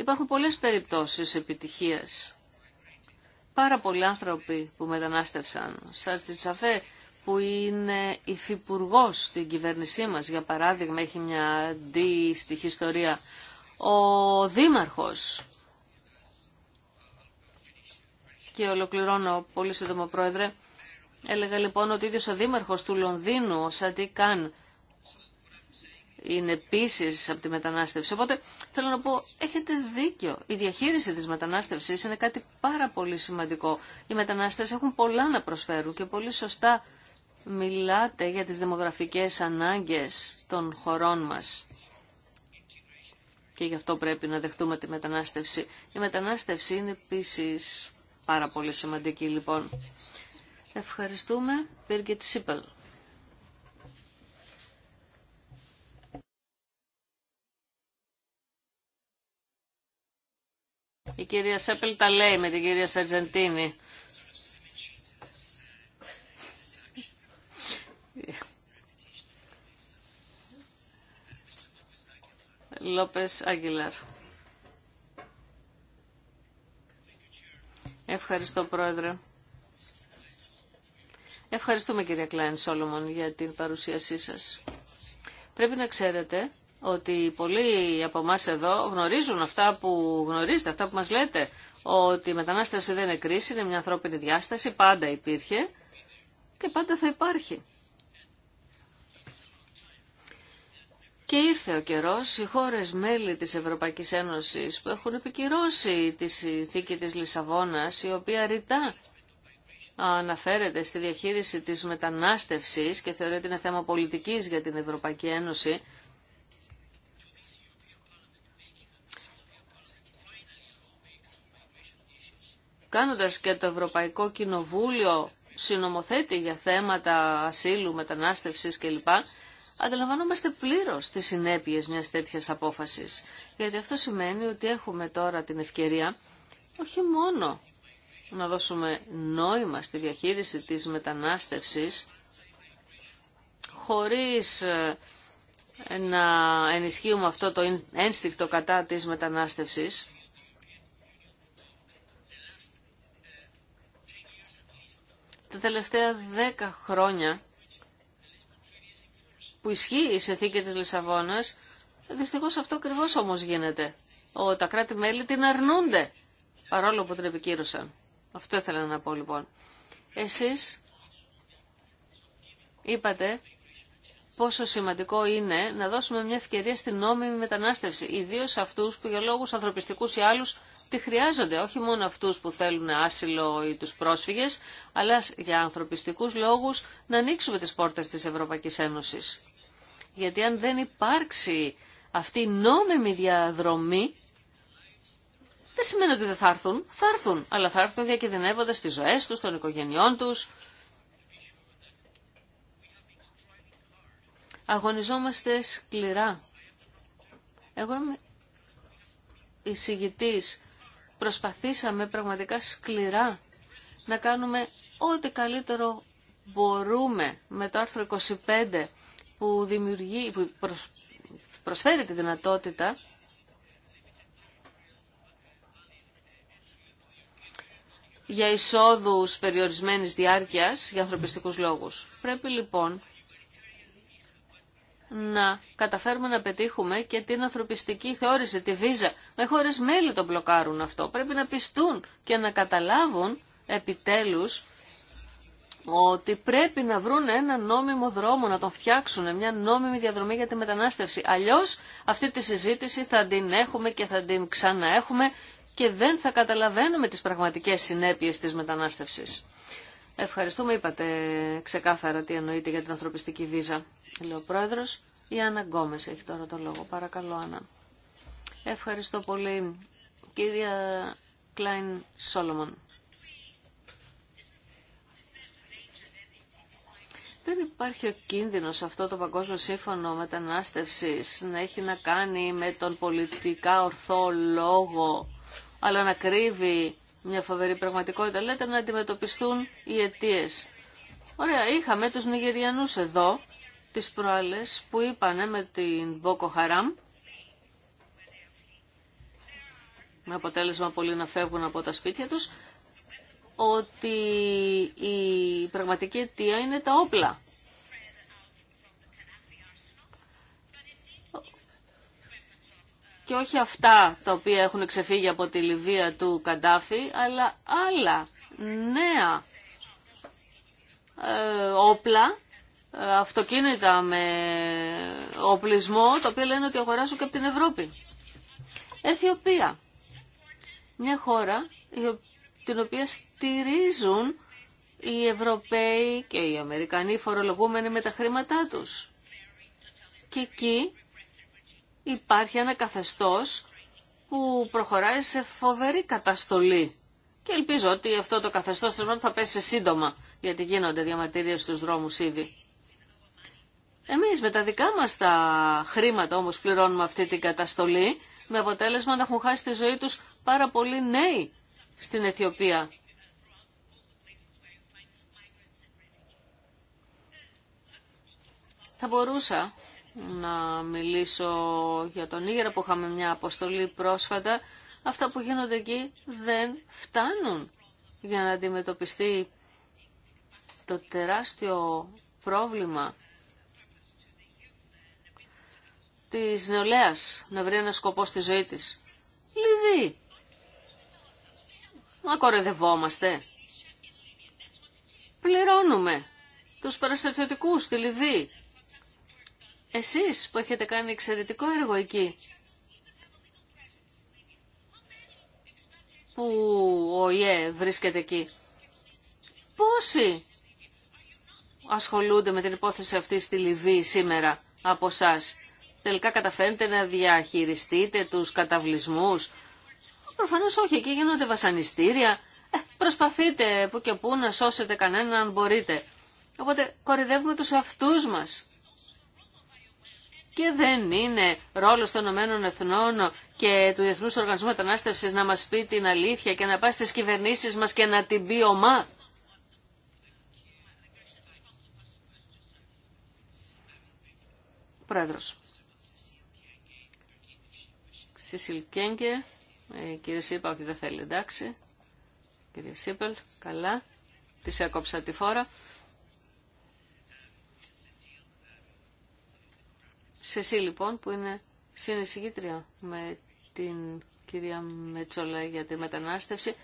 [SPEAKER 3] Υπάρχουν πολλές περιπτώσεις επιτυχίας. Πάρα πολλοί άνθρωποι που μετανάστευσαν. Τσαφέ, που είναι υφυπουργό στην κυβέρνησή μας, για παράδειγμα, έχει μια αντίστοιχη ιστορία. Ο δήμαρχος, και ολοκληρώνω πολύ σύντομα πρόεδρε, έλεγα λοιπόν ότι ο ίδιος ο δήμαρχος του Λονδίνου, ο Σαντί Καν, είναι επίση από τη μετανάστευση. Οπότε θέλω να πω, έχετε δίκιο. Η διαχείριση της μετανάστευση είναι κάτι πάρα πολύ σημαντικό. Οι μετανάστες έχουν πολλά να προσφέρουν και πολύ σωστά μιλάτε για τις δημογραφικές ανάγκες των χωρών μας. Και γι' αυτό πρέπει να δεχτούμε τη μετανάστευση. Η μετανάστευση είναι επίση πάρα πολύ σημαντική λοιπόν. Ευχαριστούμε, Birgit Σίπελ. Η κυρία Σέπελ τα λέει με την κυρία Σαρτζεντίνη. Λόπες Αγγιλάρ. Ευχαριστώ πρόεδρε. Ευχαριστούμε κυρία Κλάιν Σόλομον για την παρουσίασή σας. Πρέπει να ξέρετε ότι πολλοί από εμά εδώ γνωρίζουν αυτά που γνωρίζετε, αυτά που μας λέτε, ότι η μετανάστευση δεν είναι κρίση, είναι μια ανθρώπινη διάσταση, πάντα υπήρχε και πάντα θα υπάρχει. Και ήρθε ο καιρός, οι χώρες μέλη της Ευρωπαϊκής Ένωσης που έχουν επικυρώσει τη συνθήκη της Λισαβόνας, η οποία ρητά αναφέρεται στη διαχείριση της μετανάστευσης και θεωρείται είναι θέμα πολιτικής για την Ευρωπαϊκή Ένωση, κάνοντας και το Ευρωπαϊκό Κοινοβούλιο συνομοθέτη για θέματα ασύλου, μετανάστευσης κλπ, αντιλαμβανόμαστε πλήρως τις συνέπειες μιας τέτοιας απόφασης. Γιατί αυτό σημαίνει ότι έχουμε τώρα την ευκαιρία όχι μόνο να δώσουμε νόημα στη διαχείριση της μετανάστευσης, χωρίς ε, να ενισχύουμε αυτό το ένστικτο κατά της μετανάστευσης, τα τελευταία δέκα χρόνια που ισχύει η συνθήκη της Λισαβόνας, δυστυχώς αυτό ακριβώ όμως γίνεται. Ο, τα κράτη-μέλη την αρνούνται, παρόλο που την επικύρωσαν. Αυτό ήθελα να πω λοιπόν. Εσείς είπατε πόσο σημαντικό είναι να δώσουμε μια ευκαιρία στην νόμιμη μετανάστευση, ιδίω αυτούς που για λόγους ανθρωπιστικούς ή άλλους τη χρειάζονται όχι μόνο αυτούς που θέλουν άσυλο ή τους πρόσφυγες, αλλά για ανθρωπιστικούς λόγους να ανοίξουμε τις πόρτες της Ευρωπαϊκής Ένωσης. Γιατί αν δεν υπάρξει αυτή η νόμιμη διαδρομή, δεν σημαίνει ότι δεν θα έρθουν. Θα έρθουν, αλλά θα έρθουν διακινδυνεύοντας τις ζωές τους, των οικογενειών τους. Αγωνιζόμαστε σκληρά. Εγώ είμαι εισηγητής Προσπαθήσαμε πραγματικά σκληρά να κάνουμε ό,τι καλύτερο μπορούμε με το άρθρο 25 που, δημιουργεί, που προσφέρει τη δυνατότητα για εισόδους περιορισμένης διάρκειας για ανθρωπιστικούς λόγους. Πρέπει λοιπόν να καταφέρουμε να πετύχουμε και την ανθρωπιστική θεώρηση, τη βίζα. Με χώρες μέλη το μπλοκάρουν αυτό. Πρέπει να πιστούν και να καταλάβουν επιτέλους ότι πρέπει να βρουν ένα νόμιμο δρόμο, να τον φτιάξουν, μια νόμιμη διαδρομή για τη μετανάστευση. Αλλιώς αυτή τη συζήτηση θα την έχουμε και θα την ξαναέχουμε και δεν θα καταλαβαίνουμε τις πραγματικές συνέπειες της μετανάστευσης. Ευχαριστούμε, είπατε ξεκάθαρα τι εννοείται για την ανθρωπιστική βίζα. Λέω ο πρόεδρος, η Άννα Γκόμε έχει τώρα το λόγο. Παρακαλώ, Άννα. Ευχαριστώ πολύ, κυρία Κλάιν Σόλομον. Δεν υπάρχει ο κίνδυνος αυτό το Παγκόσμιο Σύμφωνο Μετανάστευσης να έχει να κάνει με τον πολιτικά ορθό λόγο, αλλά να κρύβει μια φοβερή πραγματικότητα, λέτε, να αντιμετωπιστούν οι αιτίε. Ωραία, είχαμε τους Νιγηριανούς εδώ, τις προάλλες, που είπανε με την Boko Χαράμ, με αποτέλεσμα πολύ να φεύγουν από τα σπίτια τους, ότι η πραγματική αιτία είναι τα όπλα και όχι αυτά τα οποία έχουν ξεφύγει από τη Λιβύα του Καντάφη, αλλά άλλα νέα ε, όπλα, ε, αυτοκίνητα με οπλισμό, τα οποία λένε ότι αγοράζουν και από την Ευρώπη. Αιθιοπία. Μια χώρα την οποία στηρίζουν οι Ευρωπαίοι και οι Αμερικανοί φορολογούμενοι με τα χρήματά τους. Και εκεί υπάρχει ένα καθεστώς που προχωράει σε φοβερή καταστολή. Και ελπίζω ότι αυτό το καθεστώς του θα πέσει σύντομα, γιατί γίνονται διαμαρτυρίες στους δρόμους ήδη. Εμείς με τα δικά μας τα χρήματα όμως πληρώνουμε αυτή την καταστολή, με αποτέλεσμα να έχουν χάσει τη ζωή τους πάρα πολλοί νέοι στην Αιθιοπία. Θα μπορούσα να μιλήσω για τον Ήγερα που είχαμε μια αποστολή πρόσφατα. Αυτά που γίνονται εκεί δεν φτάνουν για να αντιμετωπιστεί το τεράστιο πρόβλημα της νεολαίας να βρει ένα σκοπό στη ζωή της. Λιδί. Μα κορεδευόμαστε. Πληρώνουμε τους παραστευτικούς στη Λιβύη. Εσείς που έχετε κάνει εξαιρετικό έργο εκεί, που ο ΙΕ βρίσκεται εκεί, πόσοι ασχολούνται με την υπόθεση αυτή στη Λιβύη σήμερα από εσά. Τελικά καταφέρετε να διαχειριστείτε τους καταβλισμούς. Προφανώς όχι, εκεί γίνονται βασανιστήρια. Ε, προσπαθείτε που και που να σώσετε κανέναν αν μπορείτε. Οπότε κορυδεύουμε τους αυτούς μας και δεν είναι ρόλο των Ηνωμένων Εθνών και του Διεθνούς Οργανισμού Μετανάστευση να μας πει την αλήθεια και να πάει στι κυβερνήσει μας και να την πει ομά. Πρόεδρος. Σίσιλ Κέγκε, ε, κύριε Σίπα, όχι δεν θέλει, εντάξει. Κύριε Σίπελ, καλά. Τη έκοψα τη φόρα. Σε εσύ λοιπόν που είναι συνεισηγήτρια με την κυρία Μετσολέ για τη μετανάστευση.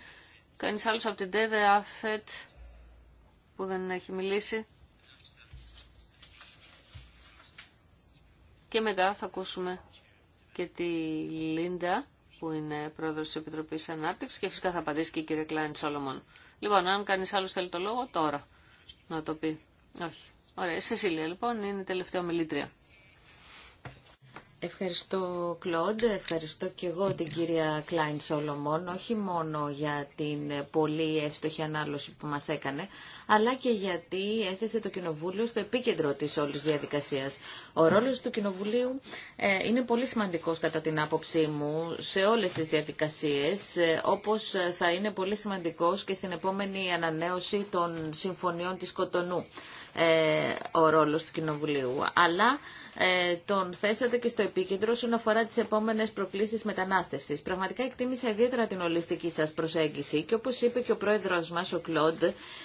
[SPEAKER 3] Κανείς άλλος από την ΤΕΒΕ, ΑΦΕΤ που δεν έχει μιλήσει. Και μετά θα ακούσουμε και τη Λίντα που είναι πρόεδρος της Επιτροπής Ανάπτυξης και φυσικά θα απαντήσει και η κυρία Κλάιν Σόλομον. Λοιπόν, αν κανείς άλλος θέλει το λόγο, τώρα να το πει. Όχι. Ωραία. Σεσίλια λοιπόν είναι τελευταία μιλήτρια.
[SPEAKER 2] Ευχαριστώ Κλοντ, ευχαριστώ και εγώ την κυρία Κλάιν Σολομών, όχι μόνο για την πολύ εύστοχη ανάλωση που μας έκανε, αλλά και γιατί έθεσε το Κοινοβούλιο στο επίκεντρο της όλης διαδικασίας. Ο ρόλος του Κοινοβουλίου ε, είναι πολύ σημαντικός κατά την άποψή μου σε όλες τις διαδικασίες, ε, όπως θα είναι πολύ σημαντικός και στην επόμενη ανανέωση των συμφωνιών της Κοτονού. Ε, ο ρόλος του Κοινοβουλίου. Αλλά ε, τον θέσατε και στο επίκεντρο όσον αφορά τις επόμενες προκλήσεις μετανάστευσης. Πραγματικά εκτίμησα ιδιαίτερα την ολιστική σας προσέγγιση και όπως είπε και ο πρόεδρος μας ο Κλοντ,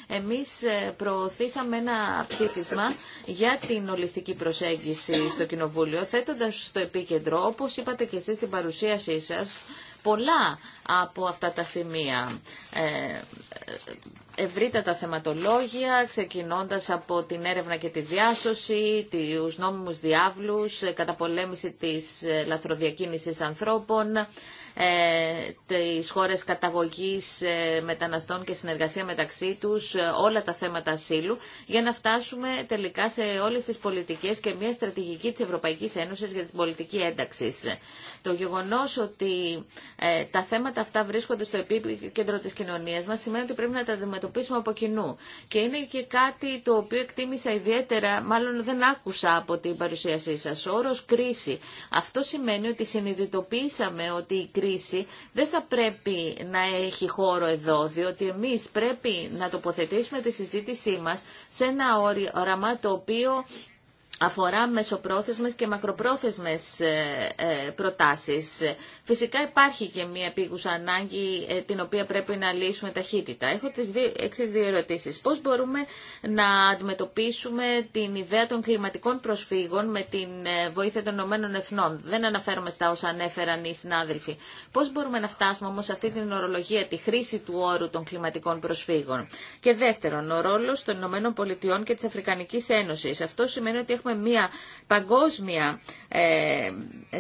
[SPEAKER 2] εμείς ε, προωθήσαμε ένα ψήφισμα για την ολιστική προσέγγιση στο Κοινοβούλιο, θέτοντας στο επίκεντρο, όπως είπατε και εσείς στην παρουσίασή σας, πολλά από αυτά τα σημεία. Ε, ευρύτατα θεματολόγια, ξεκινώντας από την έρευνα και τη διάσωση, τους νόμιμους διάβλους, ε, καταπολέμηση της ε, λαθροδιακίνησης ανθρώπων, ε, τις χώρες καταγωγής ε, μεταναστών και συνεργασία μεταξύ τους, ε, όλα τα θέματα ασύλου, για να φτάσουμε τελικά σε όλες τις πολιτικές και μια στρατηγική της Ευρωπαϊκής Ένωσης για την πολιτική ένταξη. Το γεγονός ότι τα θέματα αυτά βρίσκονται στο επίκεντρο της κοινωνίας μας σημαίνει ότι πρέπει να τα αντιμετωπίσουμε από κοινού. Και είναι και κάτι το οποίο εκτίμησα ιδιαίτερα, μάλλον δεν άκουσα από την παρουσίασή σας, όρος κρίση. Αυτό σημαίνει ότι συνειδητοποίησαμε ότι δεν θα πρέπει να έχει χώρο εδώ, διότι εμείς πρέπει να τοποθετήσουμε τη συζήτησή μας σε ένα όραμα το οποίο αφορά μεσοπρόθεσμες και μακροπρόθεσμες ε, ε, προτάσεις. Φυσικά υπάρχει και μια επίγουσα ανάγκη ε, την οποία πρέπει να λύσουμε ταχύτητα. Έχω τις δύο, εξής δύο ερωτήσεις. Πώς μπορούμε να αντιμετωπίσουμε την ιδέα των κλιματικών προσφύγων με την βοήθεια των Ηνωμένων Εθνών. Δεν αναφέρομαι στα όσα ανέφεραν οι συνάδελφοι. Πώς μπορούμε να φτάσουμε όμως σε αυτή την ορολογία, τη χρήση του όρου των κλιματικών προσφύγων. Και δεύτερον, ο ρόλος των Ηνωμένων Πολιτειών και της Αφρικανικής Ένωσης. Αυτό σημαίνει ότι έχουμε μία παγκόσμια ε,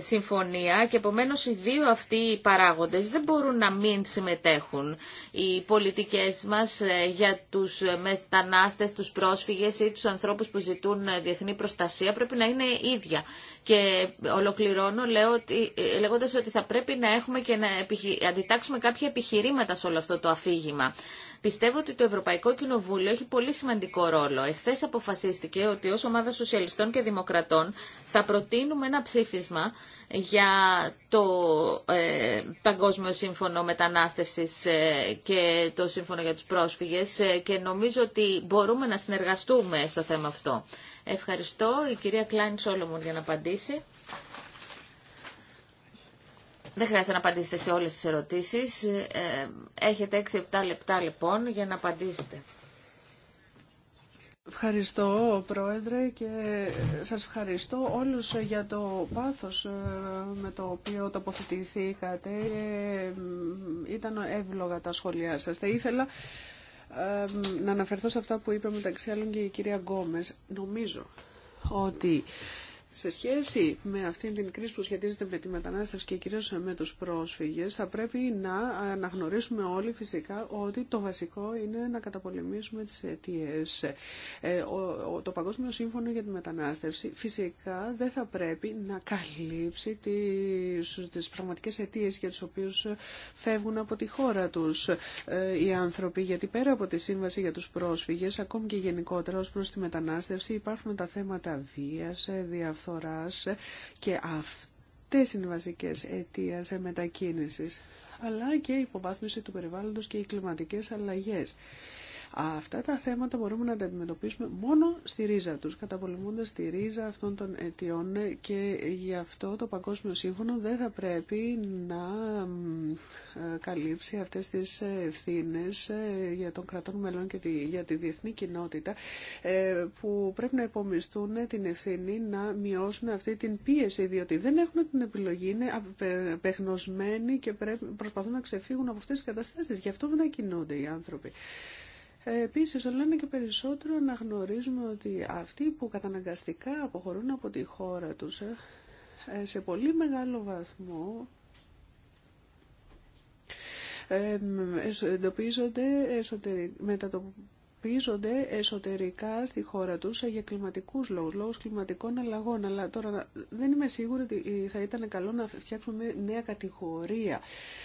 [SPEAKER 2] συμφωνία και επομένως οι δύο αυτοί οι παράγοντες δεν μπορούν να μην συμμετέχουν. Οι πολιτικές μας ε, για τους μετανάστες, τους πρόσφυγες ή τους ανθρώπους που ζητούν ε, διεθνή προστασία πρέπει να είναι ίδια. Και ολοκληρώνω λέω ότι, λέγοντας ότι θα πρέπει να έχουμε και να αντιτάξουμε κάποια επιχειρήματα σε όλο αυτό το αφήγημα πιστεύω ότι το Ευρωπαϊκό Κοινοβούλιο έχει πολύ σημαντικό ρόλο. Εχθές αποφασίστηκε ότι ως ομάδα σοσιαλιστών και δημοκρατών θα προτείνουμε ένα ψήφισμα για το ε, Παγκόσμιο Σύμφωνο Μετανάστευσης ε, και το Σύμφωνο για τους Πρόσφυγες ε, και νομίζω ότι μπορούμε να συνεργαστούμε στο θέμα αυτό. Ευχαριστώ. Η κυρία Κλάιν Σόλομον για να απαντήσει. Δεν χρειάζεται να απαντήσετε σε όλες τις ερωτήσεις. Ε, έχετε 6-7 λεπτά λοιπόν για να απαντήσετε.
[SPEAKER 1] Ευχαριστώ Πρόεδρε και σας ευχαριστώ όλους για το πάθος ε, με το οποίο τοποθετηθήκατε. Ε, ήταν εύλογα τα σχόλιά σας. Θα ήθελα να αναφερθώ σε αυτά που είπε μεταξύ άλλων και η κυρία Γκόμες. Νομίζω ότι σε σχέση με αυτήν την κρίση που σχετίζεται με τη μετανάστευση και κυρίως με τους πρόσφυγες, θα πρέπει να αναγνωρίσουμε όλοι φυσικά ότι το βασικό είναι να καταπολεμήσουμε τις αιτίες. Ε, το Παγκόσμιο Σύμφωνο για τη Μετανάστευση φυσικά δεν θα πρέπει να καλύψει τις, τις πραγματικές αιτίες για τις οποίες φεύγουν από τη χώρα τους ε, οι άνθρωποι, γιατί πέρα από τη Σύμβαση για τους πρόσφυγες, ακόμη και γενικότερα ως προς τη μετανάστευση, υπάρχουν τα θέματα βίας, ε, διαφορά και αυτές είναι οι βασικές αιτίες μετακίνησης αλλά και η υποβάθμιση του περιβάλλοντος και οι κλιματικές αλλαγές. Αυτά τα θέματα μπορούμε να τα αντιμετωπίσουμε μόνο στη ρίζα τους, καταπολεμώντας τη ρίζα αυτών των αιτιών και γι' αυτό το Παγκόσμιο Σύμφωνο δεν θα πρέπει να ε, καλύψει αυτές τις ε, ευθύνε ε, για τον κρατών μελών και για τη διεθνή κοινότητα που πρέπει να υπομισθούν την ευθύνη να μειώσουν αυτή την πίεση διότι δεν έχουν την επιλογή, είναι απεγνωσμένοι και προσπαθούν να ξεφύγουν από αυτές τις καταστάσεις. Γι' αυτό μετακινούνται οι άνθρωποι. Ε, επίσης, όλο είναι και περισσότερο να γνωρίζουμε ότι αυτοί που καταναγκαστικά αποχωρούν από τη χώρα τους ε, ε, σε πολύ μεγάλο βαθμό εντοπίζονται το εσωτερικά στη χώρα τους για κλιματικούς λόγους, λόγους κλιματικών αλλαγών. Αλλά τώρα δεν είμαι σίγουρη ότι θα ήταν καλό να φτιάξουμε νέα κατηγορία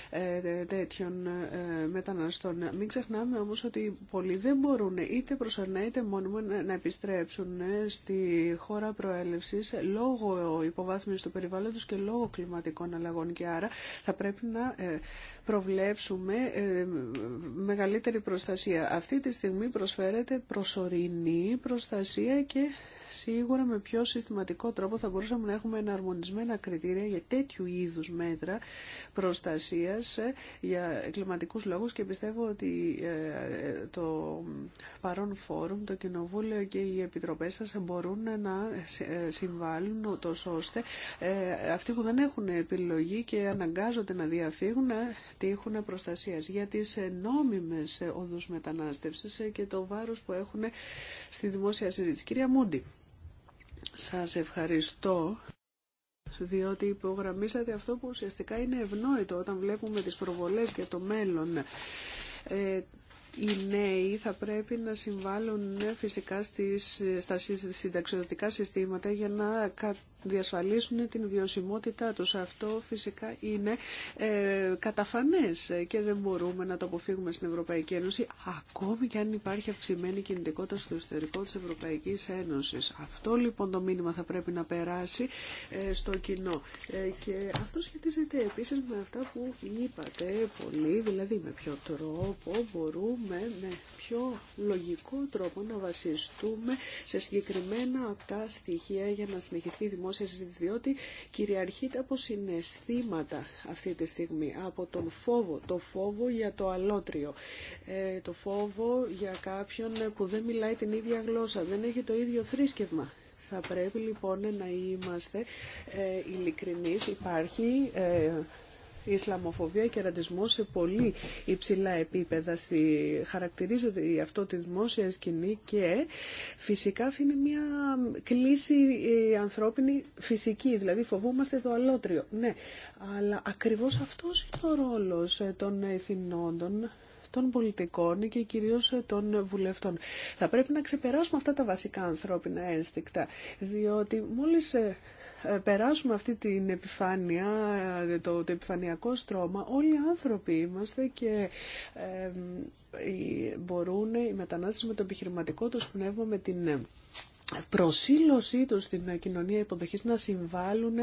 [SPEAKER 1] ε, τέτοιων ε, μεταναστών. Μην ξεχνάμε όμως ότι πολλοί δεν μπορούν είτε προσωρινά είτε μόνιμα να επιστρέψουν ε, στη χώρα προέλευσης λόγω υποβάθμισης του περιβάλλοντος και λόγω κλιματικών αλλαγών. Και άρα θα πρέπει να προβλέψουμε ε, μεγαλύτερη προστασία. Αυτή τη στιγμή προσφέρεται προσωρινή προστασία και σίγουρα με πιο συστηματικό τρόπο θα μπορούσαμε να έχουμε εναρμονισμένα κριτήρια για τέτοιου είδους μέτρα προστασίας ε, για κλιματικούς λόγους και πιστεύω ότι ε, το παρόν φόρουμ, το Κοινοβούλιο και οι Επιτροπές σας μπορούν να ε, συμβάλλουν τόσο ώστε αυτοί που δεν έχουν επιλογή και αναγκάζονται να διαφύγουν να τύχουν προστασίας για τις νόμιμες οδούς μετανάστευσης και το βάρος που έχουν στη δημόσια συζήτηση. Κυρία Μούντι. Σας ευχαριστώ διότι υπογραμμίσατε αυτό που ουσιαστικά είναι ευνόητο όταν βλέπουμε τις προβολές για το μέλλον. Ε, οι νέοι θα πρέπει να συμβάλλουν ε, φυσικά στις, στα συνταξιδοτικά συστήματα για να διασφαλίσουν την βιωσιμότητά τους. Αυτό φυσικά είναι ε, καταφανές και δεν μπορούμε να το αποφύγουμε στην Ευρωπαϊκή Ένωση ακόμη και αν υπάρχει αυξημένη κινητικότητα στο εσωτερικό της Ευρωπαϊκής Ένωσης. Αυτό λοιπόν το μήνυμα θα πρέπει να περάσει ε, στο κοινό. Ε, και αυτό σχετίζεται επίσης με αυτά που είπατε πολύ, δηλαδή με ποιο τρόπο μπορούμε με πιο λογικό τρόπο να βασιστούμε σε συγκεκριμένα αυτά στοιχεία για να συνεχιστεί η δημόσια σε συζήτηση, διότι κυριαρχείται από συναισθήματα αυτή τη στιγμή, από τον φόβο, το φόβο για το αλότριο, ε, το φόβο για κάποιον που δεν μιλάει την ίδια γλώσσα, δεν έχει το ίδιο θρήσκευμα. Θα πρέπει λοιπόν να είμαστε ε, ειλικρινείς. Υπάρχει ε, η Ισλαμοφοβία και ραντισμό σε πολύ υψηλά επίπεδα. Στη... Χαρακτηρίζεται αυτό τη δημόσια σκηνή και φυσικά είναι μια κλίση ε, ανθρώπινη φυσική. Δηλαδή φοβούμαστε το αλότριο. Ναι, αλλά ακριβώς αυτός είναι ο ρόλος ε, των εθνόντων των πολιτικών και κυρίως ε, των βουλευτών. Θα πρέπει να ξεπεράσουμε αυτά τα βασικά ανθρώπινα ένστικτα, διότι μόλις περάσουμε αυτή την επιφάνεια, το, το επιφανειακό στρώμα, όλοι οι άνθρωποι είμαστε και ε, μπορούν οι μετανάστες με το επιχειρηματικό τους πνεύμα, με την προσήλωσή τους στην κοινωνία υποδοχής να συμβάλλουν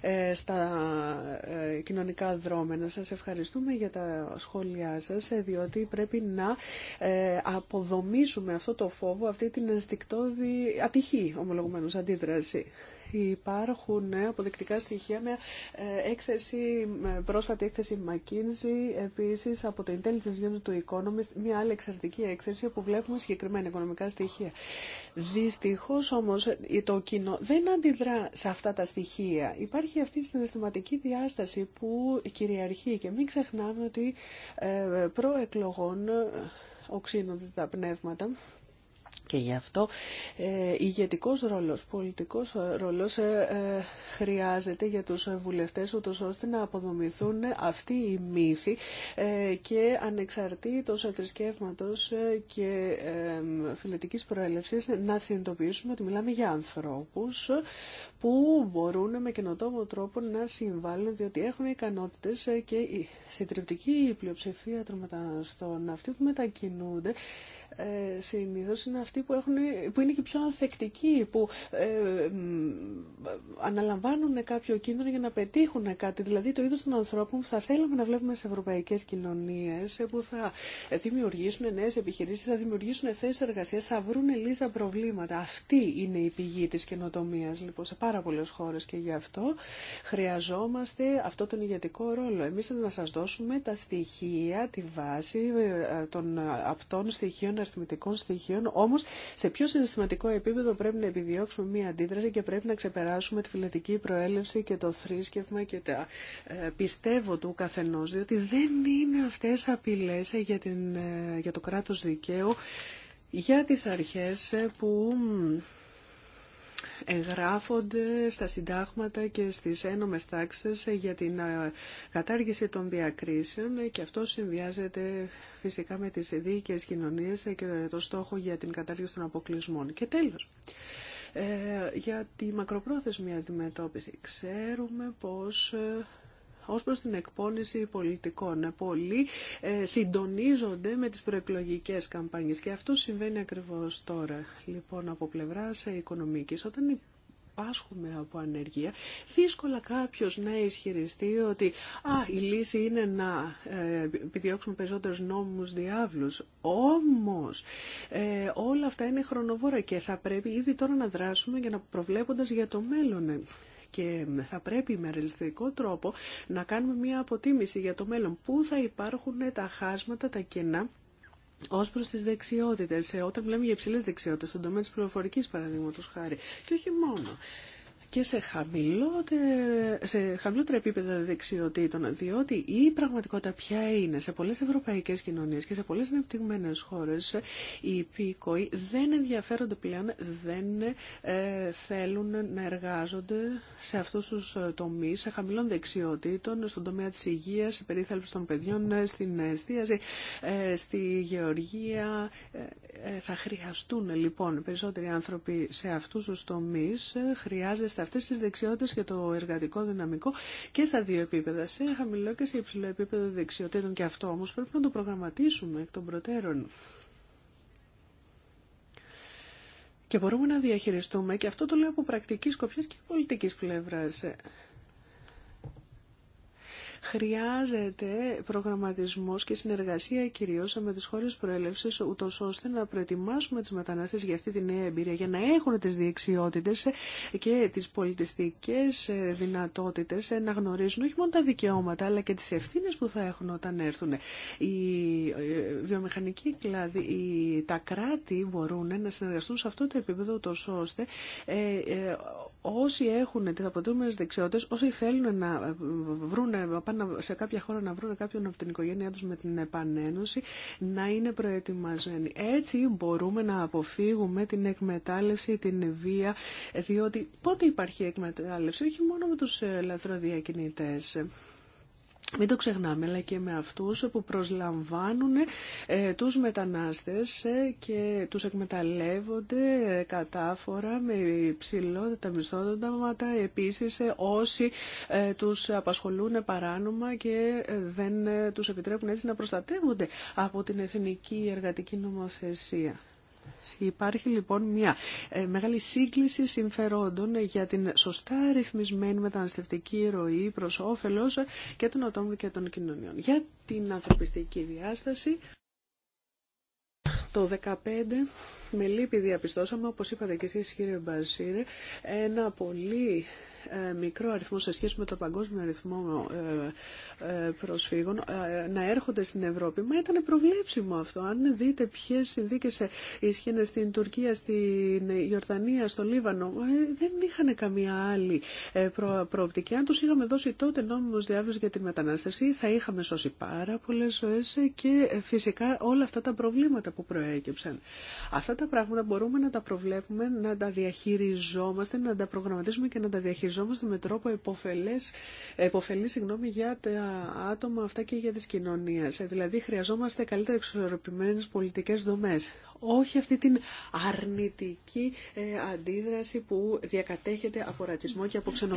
[SPEAKER 1] ε, στα ε, κοινωνικά δρόμενα. Σας ευχαριστούμε για τα σχόλιά σας, ε, διότι πρέπει να αποδομήσουμε αυτό το φόβο, αυτή την ενστικτόδη ατυχή ομολογουμένως αντίδραση υπάρχουν ναι, αποδεικτικά στοιχεία με ε, έκθεση, πρόσφατη έκθεση McKinsey, επίσης από το Intelligence Unit του Economist, μια άλλη εξαρτική έκθεση όπου βλέπουμε συγκεκριμένα οικονομικά στοιχεία. Δυστυχώς όμως ε, το κοινό δεν αντιδρά σε αυτά τα στοιχεία. Υπάρχει αυτή η συναισθηματική διάσταση που κυριαρχεί και μην ξεχνάμε ότι ε, προεκλογών οξύνονται τα πνεύματα και γι' αυτό ε, ηγετικός ρόλος, πολιτικός ρόλος ε, ε, χρειάζεται για τους βουλευτές ούτως ώστε να αποδομηθούν αυτοί οι μύθοι ε, και ανεξαρτήτως θρησκεύματος και ε, φιλετικής προέλευσης να συνειδητοποιήσουμε ότι μιλάμε για ανθρώπους που μπορούν με καινοτόμο τρόπο να συμβάλλουν διότι έχουν ικανότητε ε, και η συντριπτική πλειοψηφία των μεταναστών, αυτοί που μετακινούνται, ε, συνήθως είναι αυτοί που, έχουν, που είναι και πιο ανθεκτικοί, που ε, αναλαμβάνουν κάποιο κίνδυνο για να πετύχουν κάτι. Δηλαδή το είδο των ανθρώπων που θα θέλουμε να βλέπουμε σε ευρωπαϊκέ κοινωνίε ε, που θα δημιουργήσουν νέε επιχειρήσει, θα δημιουργήσουν θέσει εργασία, θα βρουν στα προβλήματα. Αυτή είναι η πηγή τη καινοτομία, λοιπόν, σε πάρα πολλές χώρες και γι' αυτό χρειαζόμαστε αυτό τον ηγετικό ρόλο. Εμείς να σα δώσουμε τα στοιχεία, τη βάση ε, των απτών στοιχείων, αριθμητικών στοιχείων, όμως σε πιο συναισθηματικό επίπεδο πρέπει να επιδιώξουμε μία αντίδραση και πρέπει να ξεπεράσουμε τη φιλετική προέλευση και το θρήσκευμα και τα ε, πιστεύω του καθενό, διότι δεν είναι αυτέ απειλέ για, ε, για το κράτο δικαίου, για τις αρχές που εγγράφονται στα συντάγματα και στις ένομες τάξεις για την ε, κατάργηση των διακρίσεων και αυτό συνδυάζεται φυσικά με τις δίκαιες κοινωνίες και το στόχο για την κατάργηση των αποκλεισμών. Και τέλος, ε, για τη μακροπρόθεσμη αντιμετώπιση. Ξέρουμε πως ε, ως προς την εκπόνηση πολιτικών. Πολλοί ε, συντονίζονται με τις προεκλογικές καμπάνιες και αυτό συμβαίνει ακριβώς τώρα. Λοιπόν, από πλευράς οικονομικής, όταν πάσχουμε από ανεργία, δύσκολα κάποιος να ισχυριστεί ότι η λύση είναι να ε, επιδιώξουμε περισσότερους νόμους διάβλους. Όμως ε, όλα αυτά είναι χρονοβόρα και θα πρέπει ήδη τώρα να δράσουμε για να προβλέποντας για το μέλλον και θα πρέπει με ρεαλιστικό τρόπο να κάνουμε μια αποτίμηση για το μέλλον. Πού θα υπάρχουν τα χάσματα, τα κενά Ω προ τι δεξιότητε, ε, όταν μιλάμε για υψηλέ δεξιότητε, στον τομέα τη πληροφορική παραδείγματο χάρη. Και όχι μόνο και σε, σε χαμηλότερα επίπεδα δεξιοτήτων, διότι η πραγματικότητα πια είναι σε πολλές ευρωπαϊκές κοινωνίες και σε πολλές ανεπτυγμένες χώρες οι υπήκοοι δεν ενδιαφέρονται πλέον, δεν ε, θέλουν να εργάζονται σε αυτούς τους ε, τομείς, σε χαμηλών δεξιοτήτων, στον τομέα της υγείας, σε περίθαλψη των παιδιών, ε, στην εστίαση, ε, στη γεωργία. θα χρειαστούν λοιπόν περισσότεροι άνθρωποι σε αυτούς τους τομείς, χρειάζεται αυτές τις δεξιότητες και το εργατικό δυναμικό και στα δύο επίπεδα, σε χαμηλό και σε υψηλό επίπεδο δεξιοτήτων. Και αυτό όμως πρέπει να το προγραμματίσουμε εκ των προτέρων. Και μπορούμε να διαχειριστούμε, και αυτό το λέω από πρακτική σκοπιά και πολιτική πλευρά, Χρειάζεται προγραμματισμός και συνεργασία κυρίως με τις χώρες προέλευσης, ούτως ώστε να προετοιμάσουμε τις μετανάστες για αυτή τη νέα εμπειρία, για να έχουν τις διεξιότητες και τις πολιτιστικές δυνατότητες να γνωρίζουν όχι μόνο τα δικαιώματα, αλλά και τις ευθύνε που θα έχουν όταν έρθουν. Η βιομηχανική κλάδη, τα κράτη μπορούν να συνεργαστούν σε αυτό το επίπεδο, ούτως ώστε όσοι έχουν τις αποτελούμενες δεξιότητες, όσοι θέλουν να βρουν να σε κάποια χώρα να βρουν κάποιον από την οικογένειά τους με την επανένωση να είναι προετοιμασμένοι. Έτσι μπορούμε να αποφύγουμε την εκμετάλλευση, την βία, διότι πότε υπάρχει εκμετάλλευση, όχι μόνο με τους ε, λαθροδιακινητές. Μην το ξεχνάμε, αλλά και με αυτούς που προσλαμβάνουν ε, τους μετανάστες ε, και τους εκμεταλλεύονται κατάφορα με υψηλότητα μισθόδοντα, επίσης ε, όσοι τους απασχολούν παράνομα και δεν τους επιτρέπουν έτσι να προστατεύονται από την εθνική εργατική νομοθεσία. Υπάρχει λοιπόν μια ε, μεγάλη σύγκληση συμφερόντων για την σωστά ρυθμισμένη μεταναστευτική ροή προ όφελο ε, και των ατόμων και των κοινωνιών. Για την ανθρωπιστική διάσταση, το 2015 με λύπη διαπιστώσαμε, όπως είπατε και εσείς κύριε Μπαζίρε, ένα πολύ ε, μικρό αριθμό σε σχέση με το παγκόσμιο αριθμό ε, ε, προσφύγων να έρχονται στην Ευρώπη. Μα ήταν προβλέψιμο αυτό. Αν δείτε ποιε συνθήκε ίσχυαν στην Τουρκία, στην Ιορδανία, στο Λίβανο, δεν είχαν καμία άλλη προοπτική. Αν του είχαμε δώσει τότε νόμιμος διάβιου για τη μετανάστευση, θα είχαμε σώσει πάρα πολλέ ζωέ και φυσικά όλα αυτά τα προβλήματα που προέκυψαν. Αυτά τα πραγματικά πράγματα μπορούμε να τα προβλέπουμε, να τα διαχειριζόμαστε, να τα προγραμματίζουμε και να τα διαχειριζόμαστε με τρόπο εποφελές, συγγνώμη, για τα άτομα αυτά και για τις κοινωνίες. Δηλαδή χρειαζόμαστε καλύτερα εξορροπημένες πολιτικές δομές. Όχι αυτή την αρνητική ε, αντίδραση που διακατέχεται από ρατσισμό και από